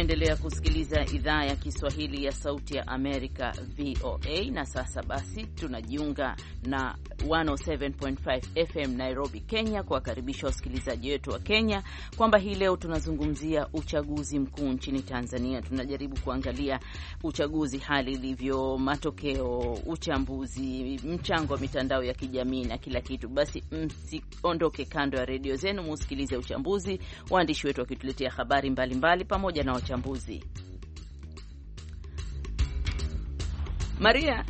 Unaendelea kusikiliza idhaa ya Kiswahili ya Sauti ya Amerika, VOA. Na sasa basi tunajiunga na 107.5 FM Nairobi, Kenya, kuwakaribisha wasikilizaji wetu wa Kenya kwamba hii leo tunazungumzia uchaguzi mkuu nchini Tanzania. Tunajaribu kuangalia uchaguzi, hali ilivyo, matokeo, uchambuzi, mchango wa mitandao ya kijamii na kila kitu. Basi msiondoke kando ya redio zenu, musikilize uchambuzi, waandishi wetu wakituletea habari mbalimbali mbali, pamoja na uchambuzi. Maria,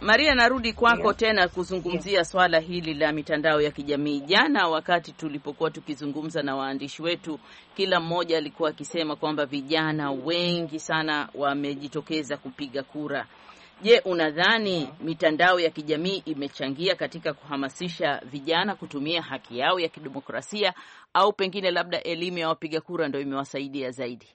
Maria narudi kwako yeah, tena kuzungumzia yeah, swala hili la mitandao ya kijamii. Jana wakati tulipokuwa tukizungumza na waandishi wetu, kila mmoja alikuwa akisema kwamba vijana wengi sana wamejitokeza kupiga kura Je, unadhani mitandao ya kijamii imechangia katika kuhamasisha vijana kutumia haki yao ya kidemokrasia au pengine labda elimu ya wapiga kura ndio imewasaidia zaidi?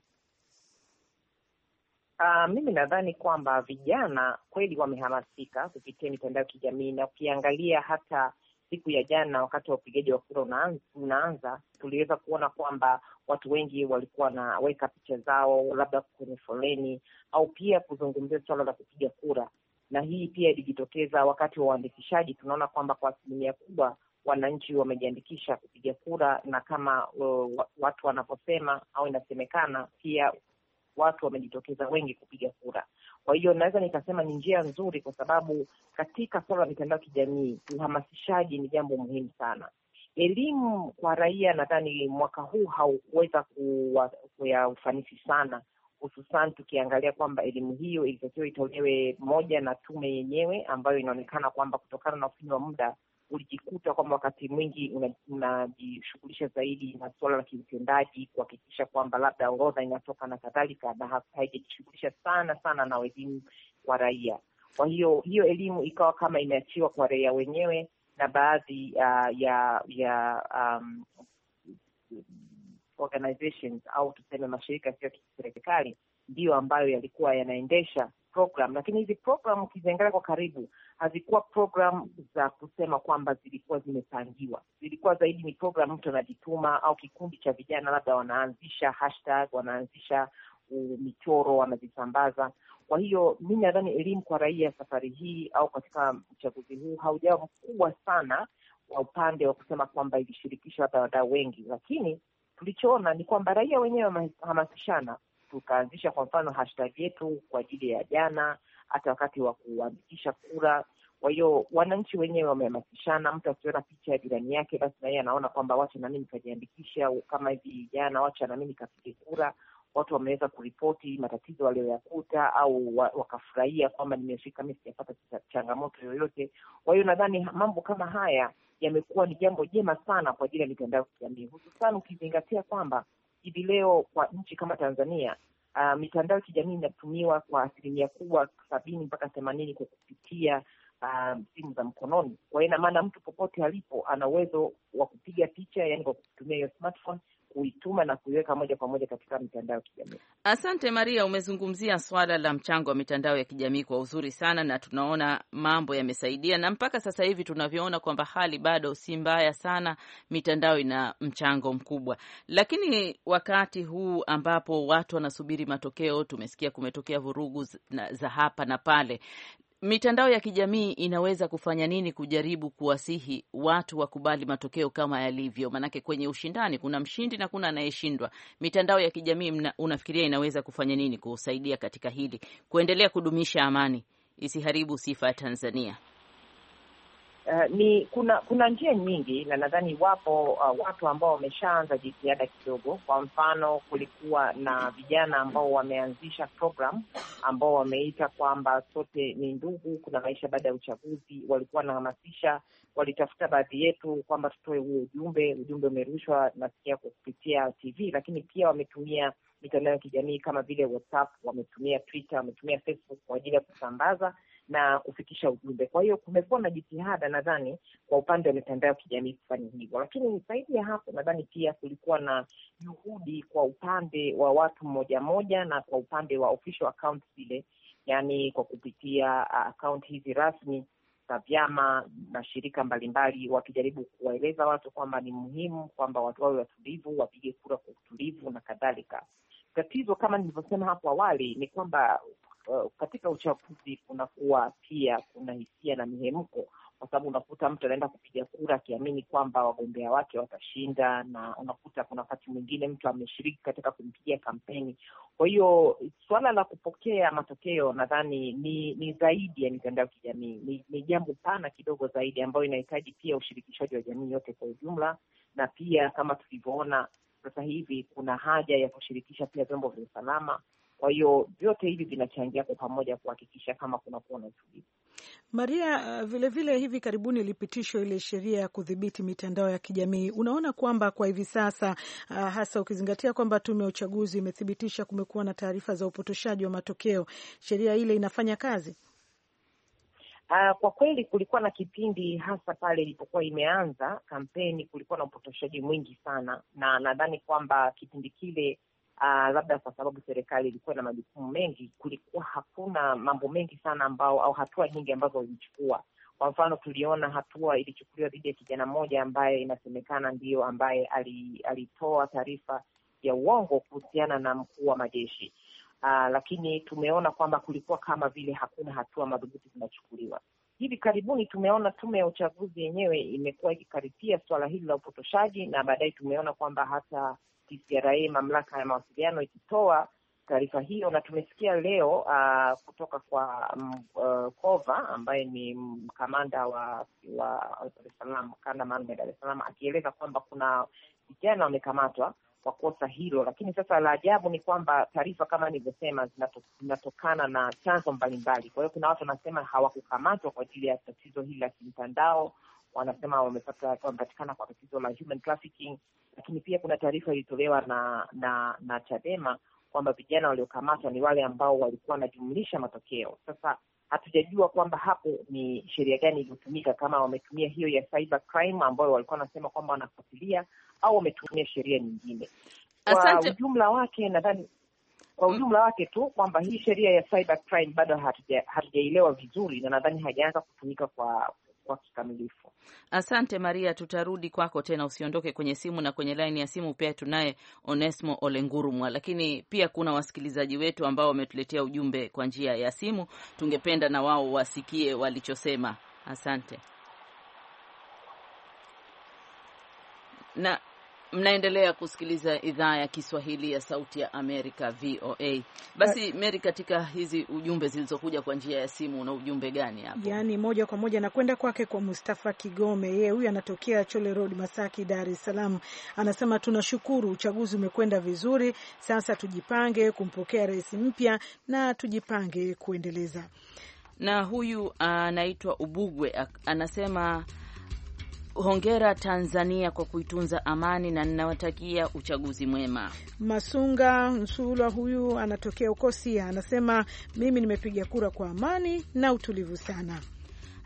Uh, mimi nadhani kwamba vijana kweli wamehamasika kupitia mitandao ya kijamii na ukiangalia hata siku ya jana wakati wa upigaji wa kura unaanza tuliweza kuona kwamba watu wengi walikuwa wanaweka picha zao labda kwenye foleni au pia kuzungumzia suala la kupiga kura, na hii pia ilijitokeza wakati wa uandikishaji. Tunaona kwamba kwa asilimia kubwa wananchi wamejiandikisha kupiga kura, na kama uh, watu wanaposema au inasemekana pia watu wamejitokeza wengi kupiga kura. Kwa hiyo naweza nikasema ni njia nzuri, kwa sababu katika suala la mitandao ya kijamii uhamasishaji ni jambo muhimu sana elimu kwa raia nadhani mwaka huu haukuweza kuya ufanisi sana, hususan tukiangalia kwamba elimu hiyo ilitakiwa itolewe moja na tume yenyewe, ambayo inaonekana kwamba kutokana na ufinyu wa muda ulijikuta kwamba wakati mwingi unajishughulisha zaidi na suala la kiutendaji, kuhakikisha kwamba labda orodha inatoka na kadhalika, na haijajishughulisha sana sana na elimu kwa raia. Kwa hiyo hiyo elimu ikawa kama imeachiwa kwa raia wenyewe na baadhi uh, ya ya um, organizations au tuseme mashirika yasiyo kiserikali ndiyo ambayo yalikuwa yanaendesha program, lakini hizi program ukiziangalia kwa karibu hazikuwa program za kusema kwamba zilikuwa zimepangiwa. Zilikuwa zaidi ni program mtu anajituma, au kikundi cha vijana labda wanaanzisha hashtag, wanaanzisha Eh, michoro wanajisambaza Kwa hiyo mi nadhani elimu kwa raia safari hii au katika uchaguzi huu haujawa mkubwa sana wa upande wa kusema kwamba ilishirikisha hata wadau wengi, lakini tulichoona ni kwamba raia wenyewe wamehamasishana. Tukaanzisha kwa mfano hashtag yetu kwa ajili ya jana, hata wakati wa kuandikisha kura. Kwa hiyo wananchi wenyewe wamehamasishana, mtu akiona picha ya jirani yake, basi na yeye anaona kwamba wacha mimi nikajiandikisha, kama hivi jana, wacha mimi nikapige kura watu wameweza kuripoti matatizo walioyakuta au wakafurahia kwamba nimefika, mi sijapata changamoto yoyote. Kwa hiyo nadhani mambo kama haya yamekuwa ni jambo jema sana kwa ajili ya mitandao ya kijamii, hususan ukizingatia kwamba hivi leo kwa nchi kama Tanzania uh, mitandao ya kijamii inatumiwa kwa asilimia kubwa sabini mpaka themanini kwa kupitia uh, simu za mkononi. Kwa hiyo inamaana mtu popote alipo ana uwezo wa kupiga picha, yani kwa kutumia hiyo smartphone kuituma na kuiweka moja kwa moja katika mitandao ya kijamii. Asante Maria, umezungumzia swala la mchango wa mitandao ya kijamii kwa uzuri sana, na tunaona mambo yamesaidia, na mpaka sasa hivi tunavyoona kwamba hali bado si mbaya sana, mitandao ina mchango mkubwa. Lakini wakati huu ambapo watu wanasubiri matokeo, tumesikia kumetokea vurugu za hapa na pale, mitandao ya kijamii inaweza kufanya nini kujaribu kuwasihi watu wakubali matokeo kama yalivyo? Maanake kwenye ushindani kuna mshindi na kuna anayeshindwa. Mitandao ya kijamii mna, unafikiria inaweza kufanya nini kusaidia katika hili, kuendelea kudumisha amani isiharibu sifa ya Tanzania? Uh, ni kuna kuna njia nyingi na nadhani wapo uh, watu ambao wameshaanza jitihada kidogo. Kwa mfano, kulikuwa na vijana ambao wameanzisha program ambao wameita kwamba sote ni ndugu, kuna maisha baada ya uchaguzi. Walikuwa wanahamasisha, walitafuta baadhi yetu kwamba tutoe huo ujumbe. Ujumbe umerushwa nasikia kwa kupitia TV, lakini pia wametumia mitandao ya kijamii kama vile WhatsApp, wametumia Twitter, wametumia Facebook kwa ajili ya kusambaza na kufikisha ujumbe. Kwa hiyo kumekuwa na jitihada nadhani kwa upande wa mitandao ya kijamii kufanya hivyo, lakini zaidi ya hapo nadhani pia kulikuwa na juhudi kwa upande wa watu mmoja mmoja na kwa upande wa official account zile, yani kwa kupitia uh, akaunti hizi rasmi za vyama na shirika mbalimbali, wakijaribu kuwaeleza watu kwamba ni muhimu kwamba watu wawe watulivu, wapige kura kwa utulivu na kadhalika. Tatizo kama nilivyosema hapo awali ni kwamba uh, katika uchaguzi kunakuwa pia kuna hisia na mihemko, kwa sababu unakuta mtu anaenda kupiga kura akiamini kwamba wagombea wake watashinda, na unakuta kuna wakati mwingine mtu ameshiriki katika kumpigia kampeni. Kwa hiyo suala la kupokea matokeo nadhani ni ni zaidi ya mitandao ya kijamii, ni, ni jambo pana kidogo zaidi ambayo inahitaji pia ushirikishaji wa jamii yote kwa ujumla, na pia kama tulivyoona sasa hivi kuna haja ya kushirikisha pia vyombo vya usalama kwa hiyo vyote hivi vinachangia kwa pamoja kuhakikisha kama kunakuwa na utulivu. Maria, vilevile uh, vile hivi karibuni ilipitishwa ile sheria ya kudhibiti mitandao ya kijamii. Unaona kwamba kwa hivi sasa uh, hasa ukizingatia kwamba tume ya uchaguzi imethibitisha kumekuwa na taarifa za upotoshaji wa matokeo, sheria ile inafanya kazi? Uh, kwa kweli kulikuwa na kipindi hasa pale ilipokuwa imeanza kampeni, kulikuwa na upotoshaji mwingi sana, na nadhani kwamba kipindi kile Uh, labda kwa sababu serikali ilikuwa na majukumu mengi, kulikuwa hakuna mambo mengi sana ambao au hatua nyingi ambazo walichukua. Kwa mfano, tuliona hatua ilichukuliwa dhidi ya kijana mmoja ambaye inasemekana ndiyo ambaye alitoa taarifa ya uongo kuhusiana na mkuu wa majeshi uh, lakini tumeona kwamba kulikuwa kama vile hakuna hatua madhubuti zinachukuliwa. Hivi karibuni tumeona tume ya uchaguzi yenyewe imekuwa ikikaripia suala hili la upotoshaji, na baadaye tumeona kwamba hata TCRA, mamlaka ya mawasiliano ikitoa taarifa hiyo, na tumesikia leo uh, kutoka kwa mm, uh, ambaye ni kamanda wa wa Dar es Salaam, kanda maalum ya Dar es Salaam, akieleza kwamba kuna vijana wamekamatwa kwa kosa hilo. Lakini sasa la ajabu ni kwamba taarifa kama nilivyosema zinatokana na chanzo mbalimbali. Kwa hiyo kuna watu wanasema hawakukamatwa kwa ajili ya tatizo hili la kimtandao, wanasema wamepata wamepatikana kwa tatizo la human trafficking lakini pia kuna taarifa ilitolewa na na na Chadema kwamba vijana waliokamatwa ni wale ambao walikuwa wanajumlisha matokeo. Sasa hatujajua kwamba hapo ni sheria gani iliyotumika, kama wametumia hiyo ya cyber crime ambayo walikuwa wanasema kwamba wanafuatilia au wametumia sheria nyingine. Kwa ujumla wake nadhani kwa mm. ujumla wake tu kwamba hii sheria ya cyber crime bado hatujaielewa vizuri, na nadhani haijaanza kutumika kwa kwa kikamilifu. Asante Maria, tutarudi kwako tena, usiondoke kwenye simu. Na kwenye laini ya simu pia tunaye Onesmo Olengurumwa, lakini pia kuna wasikilizaji wetu ambao wametuletea ujumbe kwa njia ya simu, tungependa na wao wasikie walichosema. Asante na Mnaendelea kusikiliza idhaa ya Kiswahili ya Sauti ya Amerika, VOA. Basi Meri, katika hizi ujumbe zilizokuja kwa njia ya simu, una ujumbe gani hapo? Yaani moja kwa moja nakwenda kwake kwa Mustafa Kigome, yeye huyu anatokea Chole Road, Masaki, Dar es Salaam. Anasema tunashukuru uchaguzi umekwenda vizuri, sasa tujipange kumpokea rais mpya na tujipange kuendeleza. Na huyu anaitwa Ubugwe, anasema hongera Tanzania kwa kuitunza amani na ninawatakia uchaguzi mwema. Masunga Nsula huyu anatokea Ukosia, anasema mimi nimepiga kura kwa amani na utulivu sana.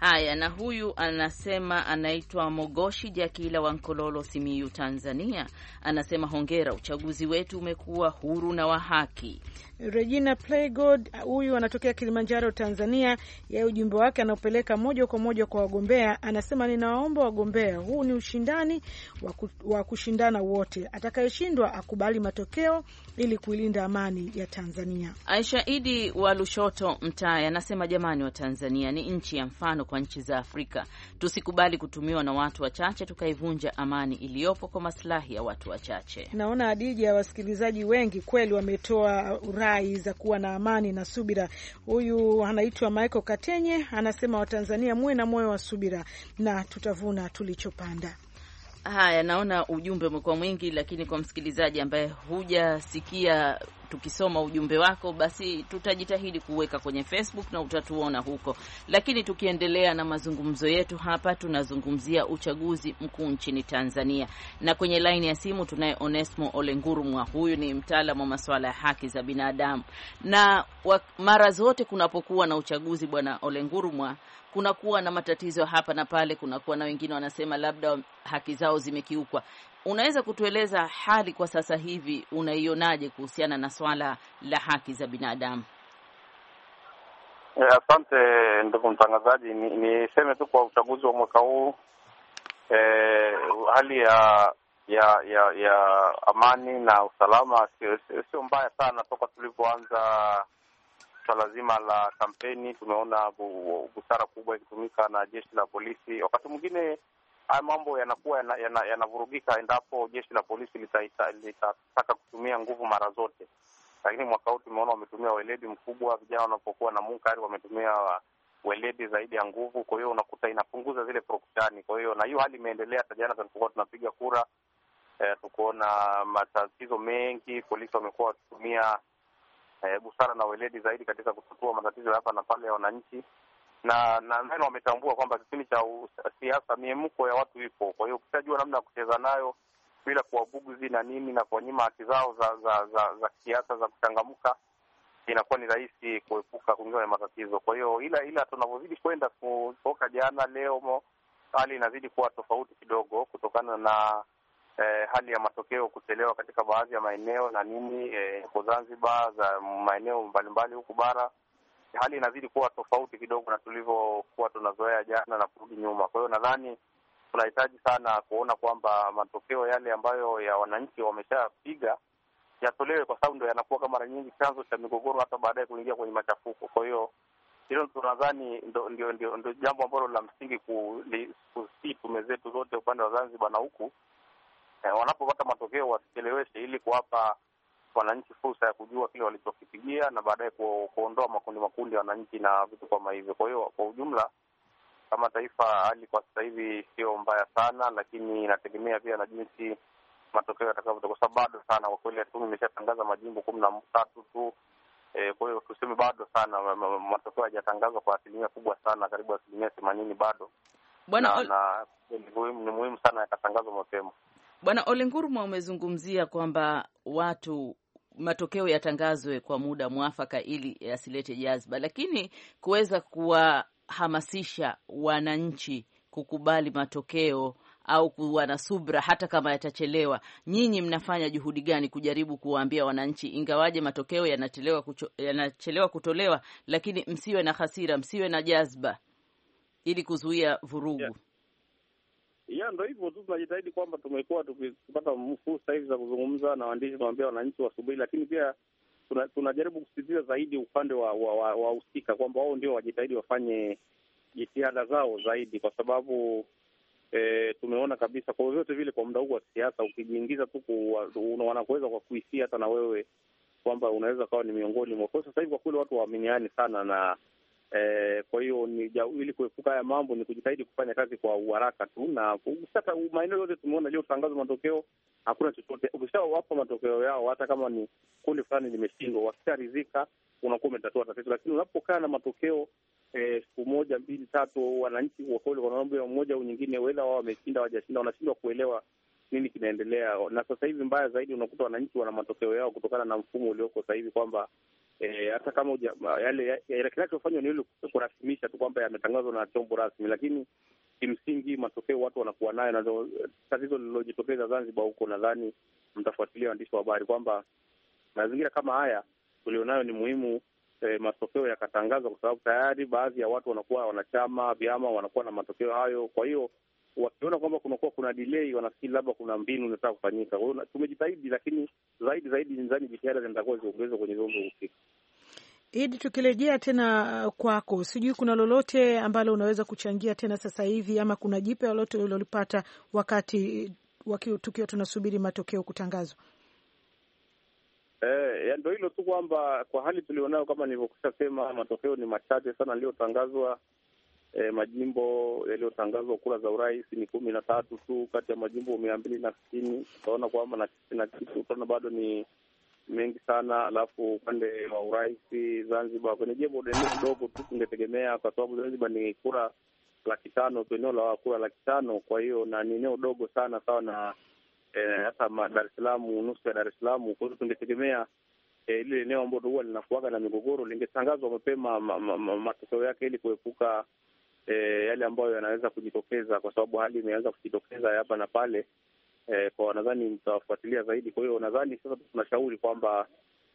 Haya, na huyu anasema anaitwa Mogoshi Jakila wa Nkololo, Simiyu, Tanzania. Anasema hongera, uchaguzi wetu umekuwa huru na wa haki. Regina Playgod huyu anatokea Kilimanjaro, Tanzania. Yeye ujumbe wake anaopeleka moja kwa moja kwa wagombea, anasema ninawaomba wagombea, huu ni ushindani wa kushindana wote, atakayeshindwa akubali matokeo ili kuilinda amani ya Tanzania. Aisha Idi wa Lushoto Mtaya anasema jamani, wa Tanzania ni nchi ya mfano kwa nchi za Afrika. Tusikubali kutumiwa na watu wachache tukaivunja amani iliyopo kwa maslahi ya watu wachache. Naona Adija, ya wasikilizaji wengi kweli wametoa urai za kuwa na amani na subira. Huyu anaitwa Michael Katenye anasema, Watanzania muwe na moyo wa subira na tutavuna tulichopanda. Haya, naona ujumbe umekuwa mwingi, lakini kwa msikilizaji ambaye hujasikia tukisoma ujumbe wako, basi tutajitahidi kuweka kwenye Facebook na utatuona huko. Lakini tukiendelea na mazungumzo yetu hapa, tunazungumzia uchaguzi mkuu nchini Tanzania, na kwenye laini ya simu tunaye Onesmo Olengurumwa. Huyu ni mtaalamu wa masuala ya haki za binadamu, na mara zote kunapokuwa na uchaguzi, bwana Olengurumwa, kunakuwa na matatizo hapa na pale, kunakuwa na wengine wanasema labda haki zao zimekiukwa. Unaweza kutueleza hali kwa sasa hivi unaionaje kuhusiana na swala la haki za binadamu? Eh, asante ndugu mtangazaji, niseme ni tu kwa uchaguzi wa mwaka huu eh, hali ya ya ya ya amani na usalama sio mbaya sana. Toka tulivyoanza swala zima la kampeni, tumeona busara kubwa ikitumika na jeshi la polisi. Wakati mwingine haya mambo yanakuwa yanavurugika yana, yana endapo jeshi la polisi litataka lita, lita, kutumia nguvu mara zote, lakini mwaka huu tumeona wametumia weledi mkubwa. Vijana wanapokuwa na munkari wametumia weledi zaidi ya nguvu, kwa hiyo unakuta inapunguza zile prokshani. Kwa hiyo na hiyo hali imeendelea hata jana tulipokuwa tunapiga kura eh, tukuona matatizo mengi, polisi wamekuwa wakitumia eh, busara na weledi zaidi katika kutatua matatizo ya hapa na pale ya wananchi na nadhani wametambua kwamba kipindi cha siasa miemko ya watu ipo. Kwa hiyo ukishajua namna ya kucheza nayo bila kuwabuguzi na nini na kuwanyima haki zao za za za za kisiasa za kuchangamka, inakuwa ni rahisi kuepuka kuingiwa na matatizo. Kwa hiyo, ila ila tunavyozidi kwenda kutoka jana leo mo, hali inazidi kuwa tofauti kidogo kutokana na eh, hali ya matokeo kuchelewa katika baadhi ya maeneo na nini, eh, huko Zanzibar za maeneo mbalimbali huku bara hali inazidi kuwa tofauti kidogo na tulivyokuwa tunazoea jana na kurudi nyuma. Kwa hiyo nadhani tunahitaji sana kuona kwamba matokeo yale ambayo ya wananchi wameshapiga yatolewe, kwa sababu ndo yanakuwa kama mara nyingi chanzo cha migogoro hata baadaye kuingia kwenye machafuko. Kwa hiyo hilo tunadhani ndo, ndio, ndio, ndio jambo ambalo la msingi kusii tume zetu zote upande wa Zanzibar na huku eh, wanapopata matokeo wasicheleweshe ili kuwapa wananchi fursa ya kujua kile walichokipigia na baadaye kuondoa makundi makundi ya wananchi na vitu kama hivyo. Kwa hiyo kwa ujumla, kama taifa, hali kwa sasa hivi sio mbaya sana, lakini inategemea pia na jinsi matokeo yatakavyotoka, sababu bado sana kwa kweli, tume imeshatangaza majimbo kumi na tatu tu. E, kwa hiyo tuseme bado sana matokeo hayajatangazwa kwa asilimia kubwa sana, karibu asilimia themanini bado bwana, na, na ni muhimu sana yakatangazwa mapema. Bwana Ole umezungumzia kwamba watu matokeo yatangazwe kwa muda mwafaka ili yasilete jazba, lakini kuweza kuwahamasisha wananchi kukubali matokeo au kuwa na subra hata kama yatachelewa. Nyinyi mnafanya juhudi gani kujaribu kuwaambia wananchi, ingawaje matokeo yanachelewa, kucho, yanachelewa kutolewa, lakini msiwe na hasira, msiwe na jazba ili kuzuia vurugu? yeah ya ndo hivyo tu, tunajitahidi kwamba tumekuwa tukipata fursa hivi za kuzungumza na waandishi, tunawambia wananchi wasubiri, lakini pia tuna, tunajaribu kusisitiza zaidi upande wa wahusika wa, wa kwamba wao ndio wajitahidi wafanye jitihada zao zaidi, kwa sababu e, tumeona kabisa kwa vyovyote vile kwa muda huu wa kisiasa ukijiingiza tu wanakuweza kwa kuhisia hata na wewe kwamba unaweza ukawa ni miongoni mwa. Sasa hivi kwa kweli watu waaminiani sana na E, kwa hiyo ni ili kuepuka haya mambo ni kujitahidi kufanya kazi kwa uharaka tu, na sasa maeneo yote tumeona leo tangazo matokeo, hakuna chochote. Ukishawapa matokeo yao, hata kama ni kundi fulani limeshindwa, wakisharidhika unakuwa umetatua tatizo, lakini unapokaa na matokeo e, siku moja mbili tatu, wananchi wakoli kwa ya mmoja au nyingine, wela wao wameshinda wajashinda, wanashindwa kuelewa nini kinaendelea. Na sasa hivi mbaya zaidi, unakuta wananchi wana matokeo yao kutokana na mfumo ulioko sasa hivi kwamba Eh, hata e, kama uja, yale yale kinachofanywa ni ile kurasimisha tu kwamba yametangazwa na chombo rasmi, lakini kimsingi matokeo watu wanakuwa nayo, na eh, tatizo lililojitokeza Zanzibar huko, nadhani mtafuatilia waandishi wa habari kwamba mazingira kama haya tulionayo ni muhimu e, matokeo yakatangazwa, kwa sababu tayari baadhi ya watu wanakuwa wanachama vyama wanakuwa na matokeo hayo, kwa hiyo wakiona kwamba kunakuwa kuna delay, wanafikiri labda kuna mbinu inataka kufanyika. Kwa hiyo tumejitahidi, lakini zaidi zaidi nizani jitihada zitakuwa ziongezwe kwenye vyombo husika. Idi, tukirejea tena uh, kwako, sijui kuna lolote ambalo unaweza kuchangia tena sasa hivi ama kuna jipya lolote ulilolipata wakati tukiwa tunasubiri matokeo kutangazwa? Eh, ndio hilo tu kwamba kwa hali tulionayo, kama nilivyokusha sema, matokeo ni machache sana yaliyotangazwa e, majimbo yaliyotangazwa kura za urais ni kumi na tatu tu kati ya majimbo mia mbili na sitini Utaona kwamba na na kitu, utaona bado ni mengi sana. Alafu upande wa urais Zanzibar kwenye jimbo eneo dogo tu tungetegemea, kwa sababu Zanzibar ni kura laki tano tu, eneo la kura laki tano kwa hiyo na ni eneo dogo sana, sawa na eh, hata eh, Dar es Salaam, nusu ya Dar es Salaam. Kwa hiyo tungetegemea eh, ile eneo ambalo huwa linakuaga na migogoro lingetangazwa mapema matokeo ma, ma, ma, yake ili kuepuka e, yale ambayo yanaweza kujitokeza, kwa sababu hali imeanza kujitokeza hapa na pale e, kwa nadhani mtawafuatilia zaidi. Kwa hiyo nadhani sasa tunashauri kwamba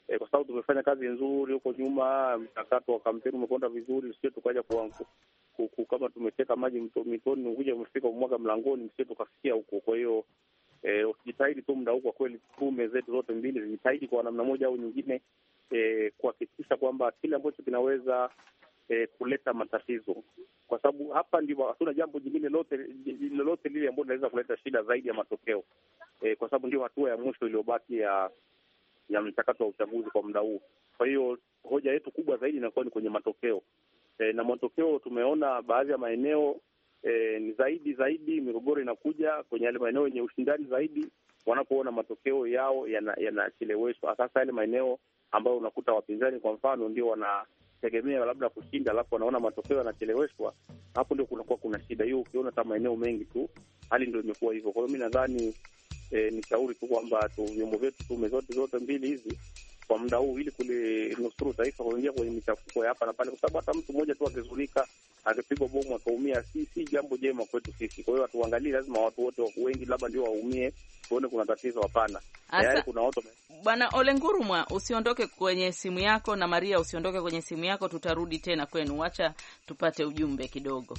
e, kwa sababu tumefanya kazi nzuri huko nyuma, mchakato wa kampeni umekwenda vizuri, usije tukaja kama tumeteka maji mitoni ukuja umefika umwaga mlangoni, msie tukafikia huko. Kwa hiyo E, ukijitahidi tu muda huu kwa kweli, tume zetu zote mbili zijitahidi kwa namna moja au nyingine, e, kuhakikisha kwamba kile ambacho kinaweza eh, kuleta matatizo, kwa sababu hapa ndio hatuna jambo jingine lote lolote lile ambalo linaweza kuleta shida zaidi ya matokeo eh, kwa sababu ndio hatua ya mwisho iliyobaki ya ya mchakato wa uchaguzi kwa muda huu. Kwa hiyo hoja yetu kubwa zaidi inakuwa ni kwenye matokeo eh, na matokeo tumeona baadhi ya maeneo eh, ni zaidi zaidi migogoro inakuja kwenye yale maeneo yenye ushindani zaidi wanapoona matokeo yao yanacheleweshwa, yana sasa yale maeneo ambayo unakuta wapinzani kwa mfano ndio wana tegemea labda kushinda, alafu wanaona matokeo yanacheleweshwa, hapo ndio kunakuwa kuna shida hiyo. Ukiona hata maeneo mengi tu hali ndio imekuwa hivyo. Kwa hiyo mi nadhani eh, ni shauri tu kwamba tu vyombo vyetu tume zote zote mbili hizi kwa muda huu ili kulinusuru taifa kuingia kwenye michafuko ya hapa na pale, kwa sababu hata mtu mmoja tu akizulika akipigwa bomu akaumia, si si jambo jema kwetu sisi. Kwa hiyo hatuangalii, lazima watu wote wengi labda ndio waumie, tuone kuna tatizo. Hapana, tayari kuna watu. Bwana Olengurumwa, usiondoke kwenye simu yako, na Maria usiondoke kwenye simu yako, tutarudi tena kwenu. Wacha tupate ujumbe kidogo.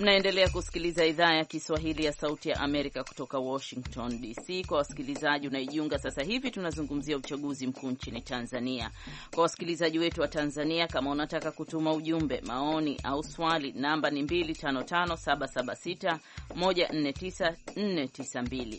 Mnaendelea kusikiliza idhaa ya Kiswahili ya Sauti ya Amerika kutoka Washington DC. Kwa wasikilizaji unaijiunga sasa hivi, tunazungumzia uchaguzi mkuu nchini Tanzania. Kwa wasikilizaji wetu wa Tanzania, kama unataka kutuma ujumbe, maoni au swali, namba ni 255776149492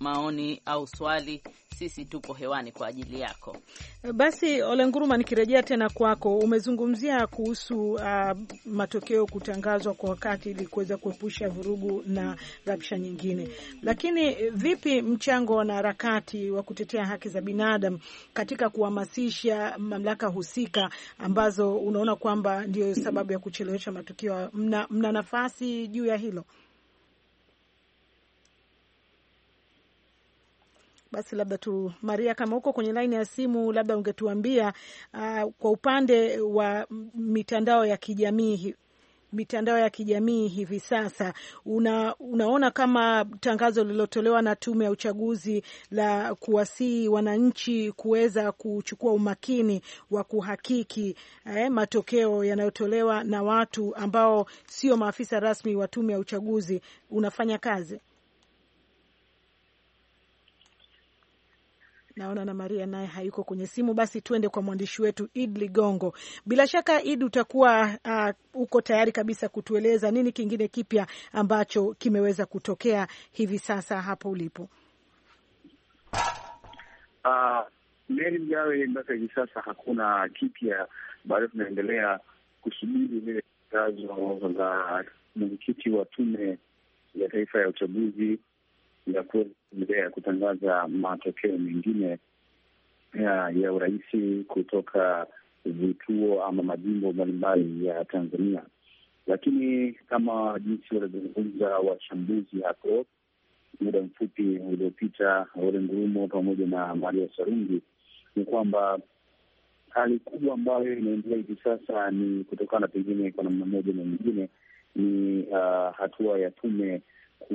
maoni au swali, sisi tupo hewani kwa ajili yako. Basi Ole Nguruma, nikirejea tena kwako, umezungumzia kuhusu uh, matokeo kutangazwa kwa wakati ili kuweza kuepusha vurugu na rabsha nyingine, lakini vipi mchango wa wanaharakati wa kutetea haki za binadamu katika kuhamasisha mamlaka husika ambazo unaona kwamba ndio sababu ya kuchelewesha matukio? Mna, mna nafasi juu ya hilo? Basi labda tu Maria, kama uko kwenye laini ya simu, labda ungetuambia uh, kwa upande wa mitandao ya kijamii mitandao ya kijamii hivi sasa una, unaona kama tangazo lililotolewa na Tume ya Uchaguzi la kuwasihi wananchi kuweza kuchukua umakini wa kuhakiki eh, matokeo yanayotolewa na watu ambao sio maafisa rasmi wa Tume ya Uchaguzi unafanya kazi? Naona na Maria naye hayuko kwenye simu. Basi tuende kwa mwandishi wetu Id Ligongo. Bila shaka, Id, utakuwa uh, uko tayari kabisa kutueleza nini kingine kipya ambacho kimeweza kutokea hivi sasa hapo ulipo. Uh, meri mgawe, mpaka hivi sasa hakuna kipya, bado tunaendelea kusubiri lile tangazo la mwenyekiti wa tume ya taifa ya uchaguzi ya kuendelea kutangaza matokeo mengine ya, ya urais kutoka vituo ama majimbo mbalimbali ya Tanzania. Lakini kama jinsi walivyozungumza wachambuzi hapo muda mfupi uliopita, Ole Ngurumo pamoja na Maria Sarungi, ni kwamba hali kubwa ambayo inaendelea hivi sasa ni kutokana pengine kwa namna moja na nyingine ni uh, hatua ya tume ku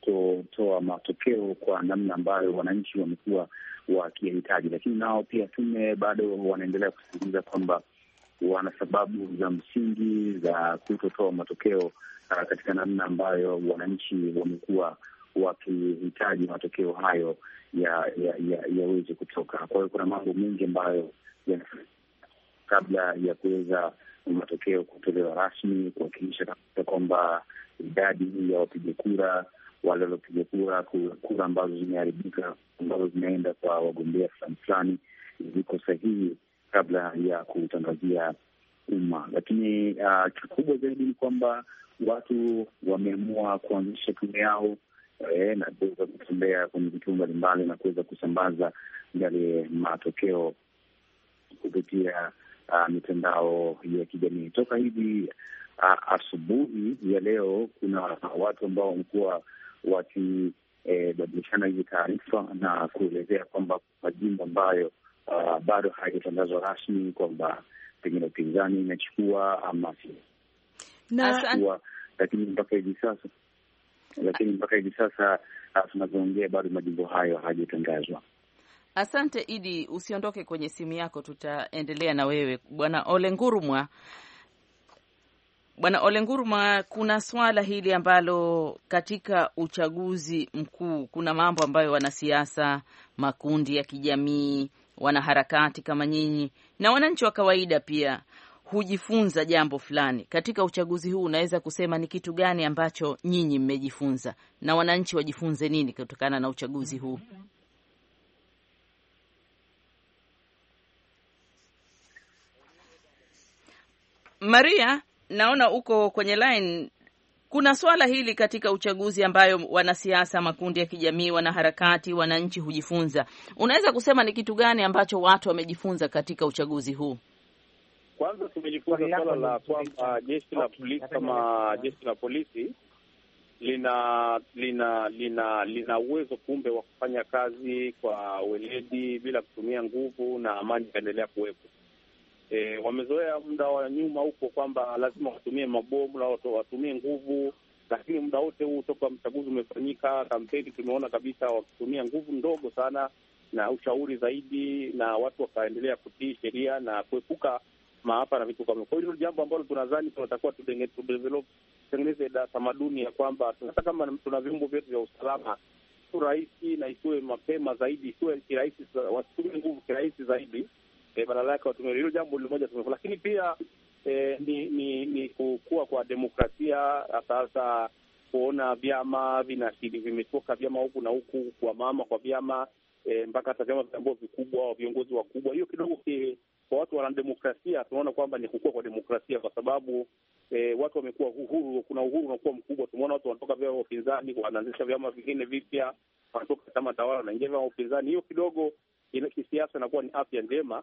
kutoa matokeo kwa namna ambayo wananchi wamekuwa wakihitaji, lakini nao pia tume bado wanaendelea kusisitiza kwamba wana sababu za msingi za kutotoa matokeo uh, katika namna ambayo wananchi wamekuwa wakihitaji matokeo hayo yaweze ya, ya, ya kutoka. Kwa hiyo kuna mambo mengi ambayo kabla ya kuweza matokeo kutolewa rasmi, kuhakikisha kwamba idadi ya wapiga kura wale waliopiga kura, kura ambazo zimeharibika, ambazo zimeenda kwa wagombea fulani fulani, ziko sahihi kabla ya kutangazia umma. Lakini uh, kikubwa zaidi ni kwamba watu wameamua kuanzisha tume yao eh, na kuweza kutembea kwenye vituo mbalimbali na kuweza kusambaza yale matokeo kupitia uh, mitandao ya kijamii toka hivi uh, asubuhi ya leo. Kuna watu ambao wamekuwa wakibadilishana hizi taarifa na kuelezea kwamba majimbo ambayo uh, bado hayajatangazwa rasmi kwamba pengine upinzani inachukua ama na... lakini mpaka hivi sasa lakini mpaka hivi sasa uh, tunavyoongea bado majimbo hayo hayajatangazwa. Asante Idi, usiondoke kwenye simu yako, tutaendelea na wewe Bwana Ole Ngurumwa. Bwana Ole Nguruma, kuna swala hili ambalo katika uchaguzi mkuu kuna mambo ambayo wanasiasa, makundi ya kijamii, wanaharakati kama nyinyi na wananchi wa kawaida pia hujifunza jambo fulani katika uchaguzi huu. Unaweza kusema ni kitu gani ambacho nyinyi mmejifunza na wananchi wajifunze nini kutokana na uchaguzi huu? Maria, naona uko kwenye line. Kuna swala hili katika uchaguzi ambayo wanasiasa, makundi ya kijamii, wanaharakati, wananchi hujifunza. Unaweza kusema ni kitu gani ambacho watu wamejifunza katika uchaguzi huu? Kwanza tumejifunza swala la kwamba jeshi la polisi kama jeshi la polisi lina lina lina lina uwezo kumbe wa kufanya kazi kwa weledi bila kutumia nguvu, na amani ikaendelea kuwepo. E, wamezoea muda wa nyuma huko kwamba lazima watumie mabomu na watumie nguvu, lakini muda wote huu toka mchaguzi umefanyika, kampeni tumeona kabisa wakitumia nguvu ndogo sana na ushauri zaidi, na watu wakaendelea kutii sheria na kuepuka maafa na vitu kama. Kwa hiyo jambo ambalo tunadhani tunatakiwa tutengeneze tamaduni ya kwamba hata kama tuna vyombo vyetu vya usalama rahisi na isiwe mapema zaidi, isiwe kirahisi, wasitumie nguvu kirahisi zaidi e, eh, badala yake watumia hilo jambo limoja. Lakini pia e, ni, ni ni kukua kwa demokrasia hasa hasa kuona vyama vinashiri vimetoka vyama huku na huku, mama kwa vyama e, mpaka hata vyama vyambao vikubwa viongozi wakubwa. Hiyo kidogo kwa watu wanademokrasia, tunaona kwamba ni kukua kwa demokrasia kwa sababu e, watu wamekuwa uhuru, kuna uhuru unakuwa mkubwa. Tumeona watu wanatoka vyama vya upinzani wanaanzisha vyama vingine vipya, wanatoka chama tawala wanaingia vyama vya upinzani. Hiyo kidogo ina kisiasa inakuwa ni afya njema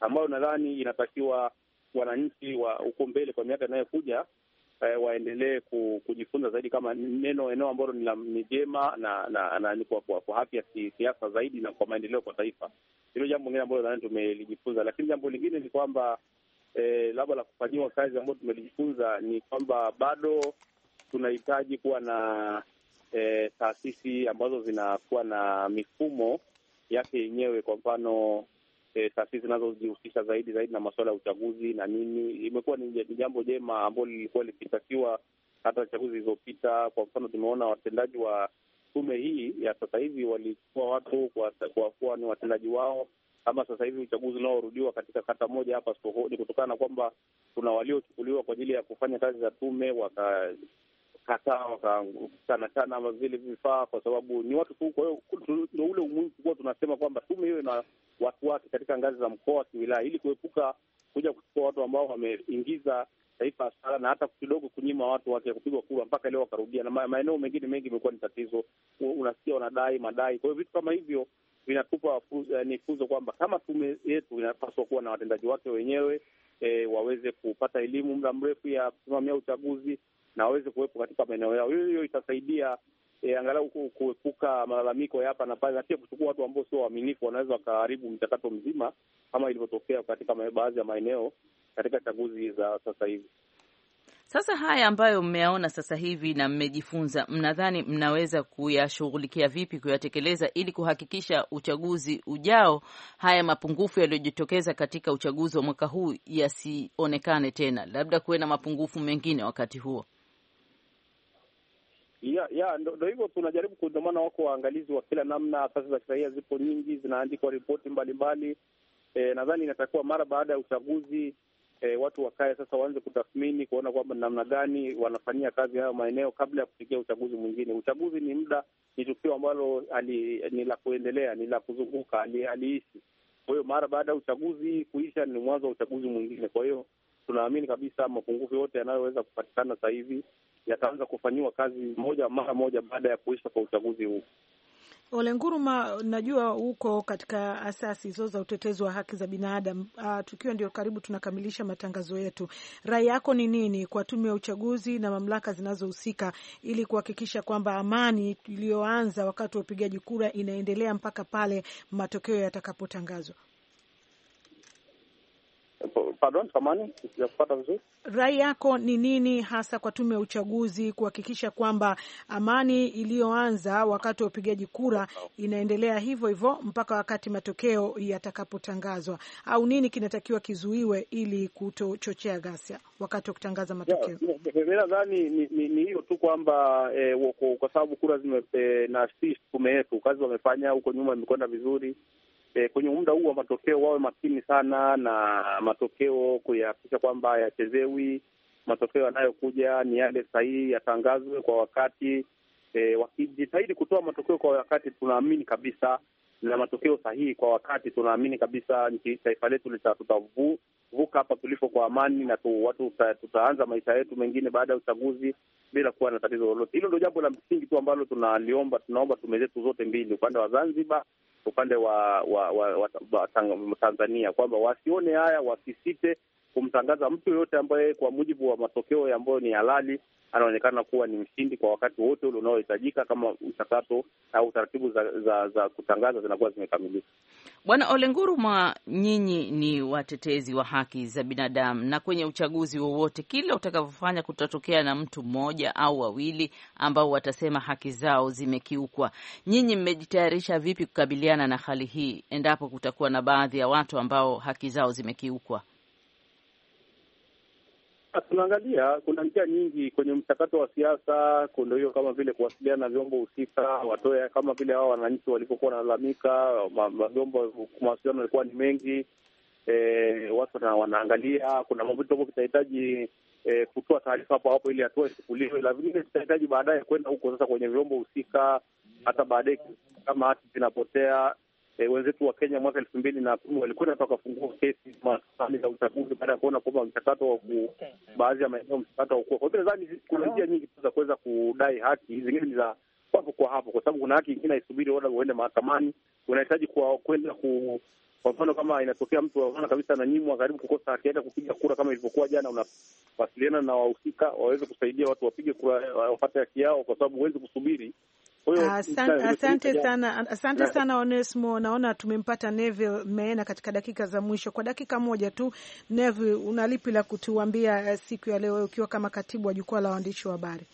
ambayo nadhani inatakiwa wananchi wa huko mbele kwa miaka inayokuja eh, waendelee kujifunza zaidi kama neno eneo ambalo ni jema na na, na kwa, kwa, kwa afya kisiasa zaidi na kwa maendeleo kwa taifa. Hilo jambo lingine ambalo nadhani tumelijifunza, lakini jambo lingine ni kwamba eh, labda la kufanyiwa kazi ambayo tumelijifunza ni kwamba bado tunahitaji kuwa na eh, taasisi ambazo zinakuwa na mifumo yake yenyewe. Kwa mfano e, taasisi zinazojihusisha zaidi zaidi na masuala ya uchaguzi na nini, imekuwa ni jambo jema ambalo lilikuwa likitakiwa hata chaguzi zilizopita. Kwa mfano, tumeona watendaji wa tume hii ya sasa hivi walikuwa watu kwa, kwa kuwa ni watendaji wao kama sasa hivi uchaguzi unaorudiwa katika kata moja hapa Sohoni, kutokana na kwamba kuna waliochukuliwa kwa ajili ya kufanya kazi za tume, waka hata wakakutana sana vile vifaa, kwa sababu ni watu tu. Kwa hiyo ndo ule umuhimu kuwa tunasema kwamba tume hiyo na watu wake katika ngazi za mkoa, kiwilaya, ili kuepuka kuja kuchukua watu ambao wameingiza taifa hasara na hata kidogo kunyima watu wake kupigwa kura, mpaka leo wakarudia, na maeneo mengine mengi imekuwa ni tatizo. Unasikia wanadai madai, kwa hiyo vitu kama hivyo vinatupa eh, ni funzo kwamba kama tume yetu inapaswa kuwa na watendaji wake wenyewe e, waweze kupata elimu muda mrefu ya kusimamia uchaguzi, na waweze kuwepo katika maeneo yao. Hiyo hiyo itasaidia E, angalau kuepuka malalamiko ya hapa na pale, na pia kuchukua watu ambao sio waaminifu, wanaweza wakaharibu mchakato mzima, kama ilivyotokea katika baadhi ya maeneo katika chaguzi za sasa hivi. Sasa haya ambayo mmeyaona sasa hivi na mmejifunza, mnadhani mnaweza kuyashughulikia vipi, kuyatekeleza ili kuhakikisha uchaguzi ujao, haya mapungufu yaliyojitokeza katika uchaguzi wa mwaka huu yasionekane tena, labda kuwe na mapungufu mengine wakati huo? ya, ya ndo hivyo tunajaribu kudomana, wako waangalizi wa kila namna. Asasi za kiraia zipo nyingi, zinaandikwa ripoti mbalimbali. E, nadhani inatakiwa mara baada ya uchaguzi e, watu wakae sasa waanze kutathmini kuona kwamba namna gani wanafanyia kazi hayo maeneo kabla ya kufikia uchaguzi mwingine. Uchaguzi ni muda, ni tukio ambalo ni la kuendelea, ni la kuzunguka, aliishi. Kwa hiyo mara baada ya uchaguzi kuisha ni mwanzo wa uchaguzi mwingine, kwa hiyo tunaamini kabisa mapungufu yote yanayoweza kupatikana sasa hivi yataanza kufanyiwa kazi moja mara moja baada ya kuisha kwa uchaguzi huu. Ole Nguruma, najua huko katika asasi hizo za utetezi wa haki za binadamu. Ah, Tukiwa ndio karibu tunakamilisha matangazo yetu, rai yako ni nini kwa tume ya uchaguzi na mamlaka zinazohusika ili kuhakikisha kwamba amani iliyoanza wakati wa upigaji kura inaendelea mpaka pale matokeo yatakapotangazwa? Pardon, samani sijakupata vizuri. Rai yako ni nini hasa kwa tume ya uchaguzi kuhakikisha kwamba amani iliyoanza wakati wa upigaji kura inaendelea hivyo hivyo mpaka wakati matokeo yatakapotangazwa, au nini kinatakiwa kizuiwe ili kutochochea ghasia wakati wa kutangaza matokeo? Mi nadhani ni hiyo tu kwamba eh, kwa sababu kura zime, eh, na si tume yetu kazi wamefanya huko nyuma imekwenda vizuri e, kwenye muda huu wa matokeo wawe makini sana na matokeo kuyahakikisha kwamba yachezewi. Matokeo yanayokuja ni yale sahihi, yatangazwe kwa wakati. E, wakijitahidi kutoa matokeo kwa wakati, tunaamini kabisa na matokeo sahihi kwa wakati, tunaamini kabisa nchi taifa letu tutavuka hapa tulipo kwa amani na tu, watu tutaanza maisha yetu mengine baada ya uchaguzi bila kuwa na tatizo lolote. Hilo ndio jambo la msingi tu ambalo tunaliomba, tunaomba tume zetu zote mbili, upande wa Zanzibar upande wa, wa, wa, wa, wa Tanzania kwamba wasione haya wasisite kumtangaza mtu yoyote ambaye kwa mujibu wa matokeo ambayo ni halali anaonekana kuwa ni mshindi kwa wakati wote ule unaohitajika, kama mchakato au taratibu za, za, za kutangaza zinakuwa zimekamilika. Bwana Olenguruma, nyinyi ni watetezi wa haki za binadamu, na kwenye uchaguzi wowote, kila utakavyofanya kutatokea na mtu mmoja au wawili ambao watasema haki zao zimekiukwa. Nyinyi mmejitayarisha vipi kukabiliana na hali hii endapo kutakuwa na baadhi ya watu ambao haki zao zimekiukwa? Ah, tunaangalia kuna njia nyingi kwenye mchakato wa siasa, kuna hiyo kama vile kuwasiliana na vyombo husika, watoe kama vile hao wananchi walivyokuwa wanalalamika, vyombo mawasiliano yalikuwa ni mengi, e, watu wanaangalia. Kuna mambo vitu vitahitaji e, kutoa taarifa hapo hapo ili hatua ichukuliwe, la vingine vitahitaji baadaye kwenda huko sasa kwenye vyombo husika, hata baadaye kama hati zinapotea e, wenzetu wa Kenya mwaka elfu mbili na kumi walikwenda mpaka kufungua kesi mahakamani za uchaguzi baada ya kuona kwamba mchakato wa ku baadhi ya maeneo mchakato haukuwa. Kwa hivyo nadhani kuna njia nyingi tu za kuweza kudai haki, zingine ni za papo kwa hapo, kwa sababu kuna haki ingine haisubiri wala uende mahakamani, unahitaji kwenda ku kwa mfano kama inatokea mtu waona kabisa ananyimwa karibu kukosa haki yake kupiga kura, kama ilivyokuwa jana, unawasiliana na wahusika waweze kusaidia watu wapige kura wapate haki yao, kwa sababu huwezi kusubiri Asante, sana, asante sana Onesmo. Naona tumempata Neville Meena katika dakika za mwisho. Kwa dakika moja tu, Neville, una lipi la kutuambia eh, siku ya leo ukiwa kama katibu wa jukwaa la waandishi wa habari?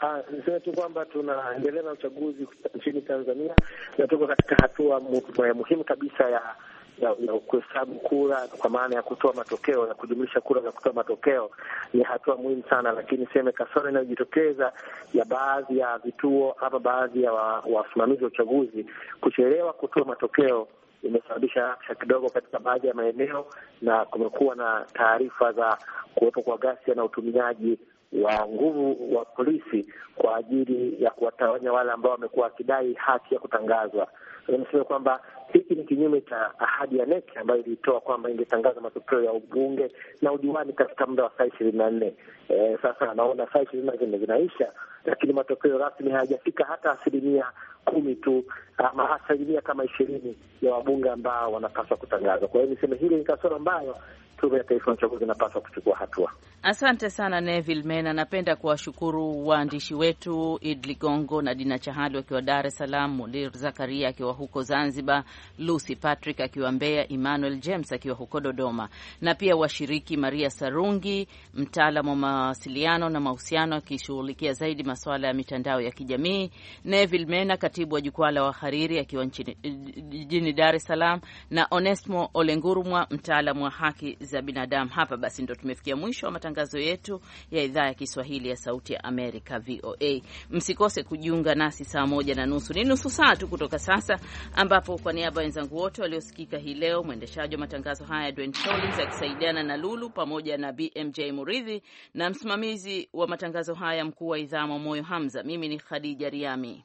Ah, niseme tu kwamba tunaendelea na uchaguzi nchini Tanzania na tuko katika hatua mu, muhimu kabisa ya ya kuhesabu kura kwa maana ya kutoa matokeo, ya kujumlisha kura za kutoa matokeo ni hatua muhimu sana, lakini seme kasoro inayojitokeza ya baadhi ya vituo ama baadhi ya wasimamizi wa uchaguzi kuchelewa kutoa matokeo imesababisha rabsha kidogo katika baadhi ya maeneo, na kumekuwa na taarifa za kuwepo kwa ghasia na utumiaji wa nguvu wa polisi kwa ajili ya kuwatawanya wale ambao wamekuwa wakidai haki ya kutangazwa. Niseme kwamba hiki ni kinyume cha ahadi ya NEC ambayo ilitoa kwamba ingetangaza matokeo ya ubunge na udiwani katika muda wa saa ishirini na nne. E, sasa anaona saa ishirini na nne zinaisha, lakini matokeo rasmi hayajafika hata asilimia kumi tu ama asilimia kama ishirini ya wabunge ambao wanapaswa kutangazwa. Kwa hiyo niseme hili ni kasoro ambayo Tume ya Taifa ya Uchaguzi inapaswa kuchukua hatua. Asante sana Neville Mena. Napenda kuwashukuru waandishi wetu Id Ligongo na Dina Chahali wakiwa Dar es Salaam, Mudir Zakaria akiwa huko Zanzibar, Lucy Patrick akiwa Mbeya, Emmanuel James akiwa huko Dodoma, na pia washiriki Maria Sarungi, mtaalam wa mawasiliano na mahusiano, akishughulikia zaidi masuala ya mitandao ya kijamii, Neville Mena katibu wa jukwaa la wahariri akiwa jijini Dar es Salaam, na Onesmo Olengurumwa, mtaalamu wa haki za binadamu. Hapa basi ndo tumefikia mwisho wa matangazo yetu ya idhaa ya Kiswahili ya Sauti ya Amerika, VOA. Msikose kujiunga nasi saa moja na nusu, ni nusu saa tu kutoka sasa, ambapo kwa niaba ya wenzangu wote waliosikika hii leo, mwendeshaji wa matangazo haya Dwayne Collins akisaidiana na Lulu pamoja na BMJ Muridhi na msimamizi wa matangazo haya mkuu wa idhaa Mwamoyo Hamza, mimi ni Khadija Riami.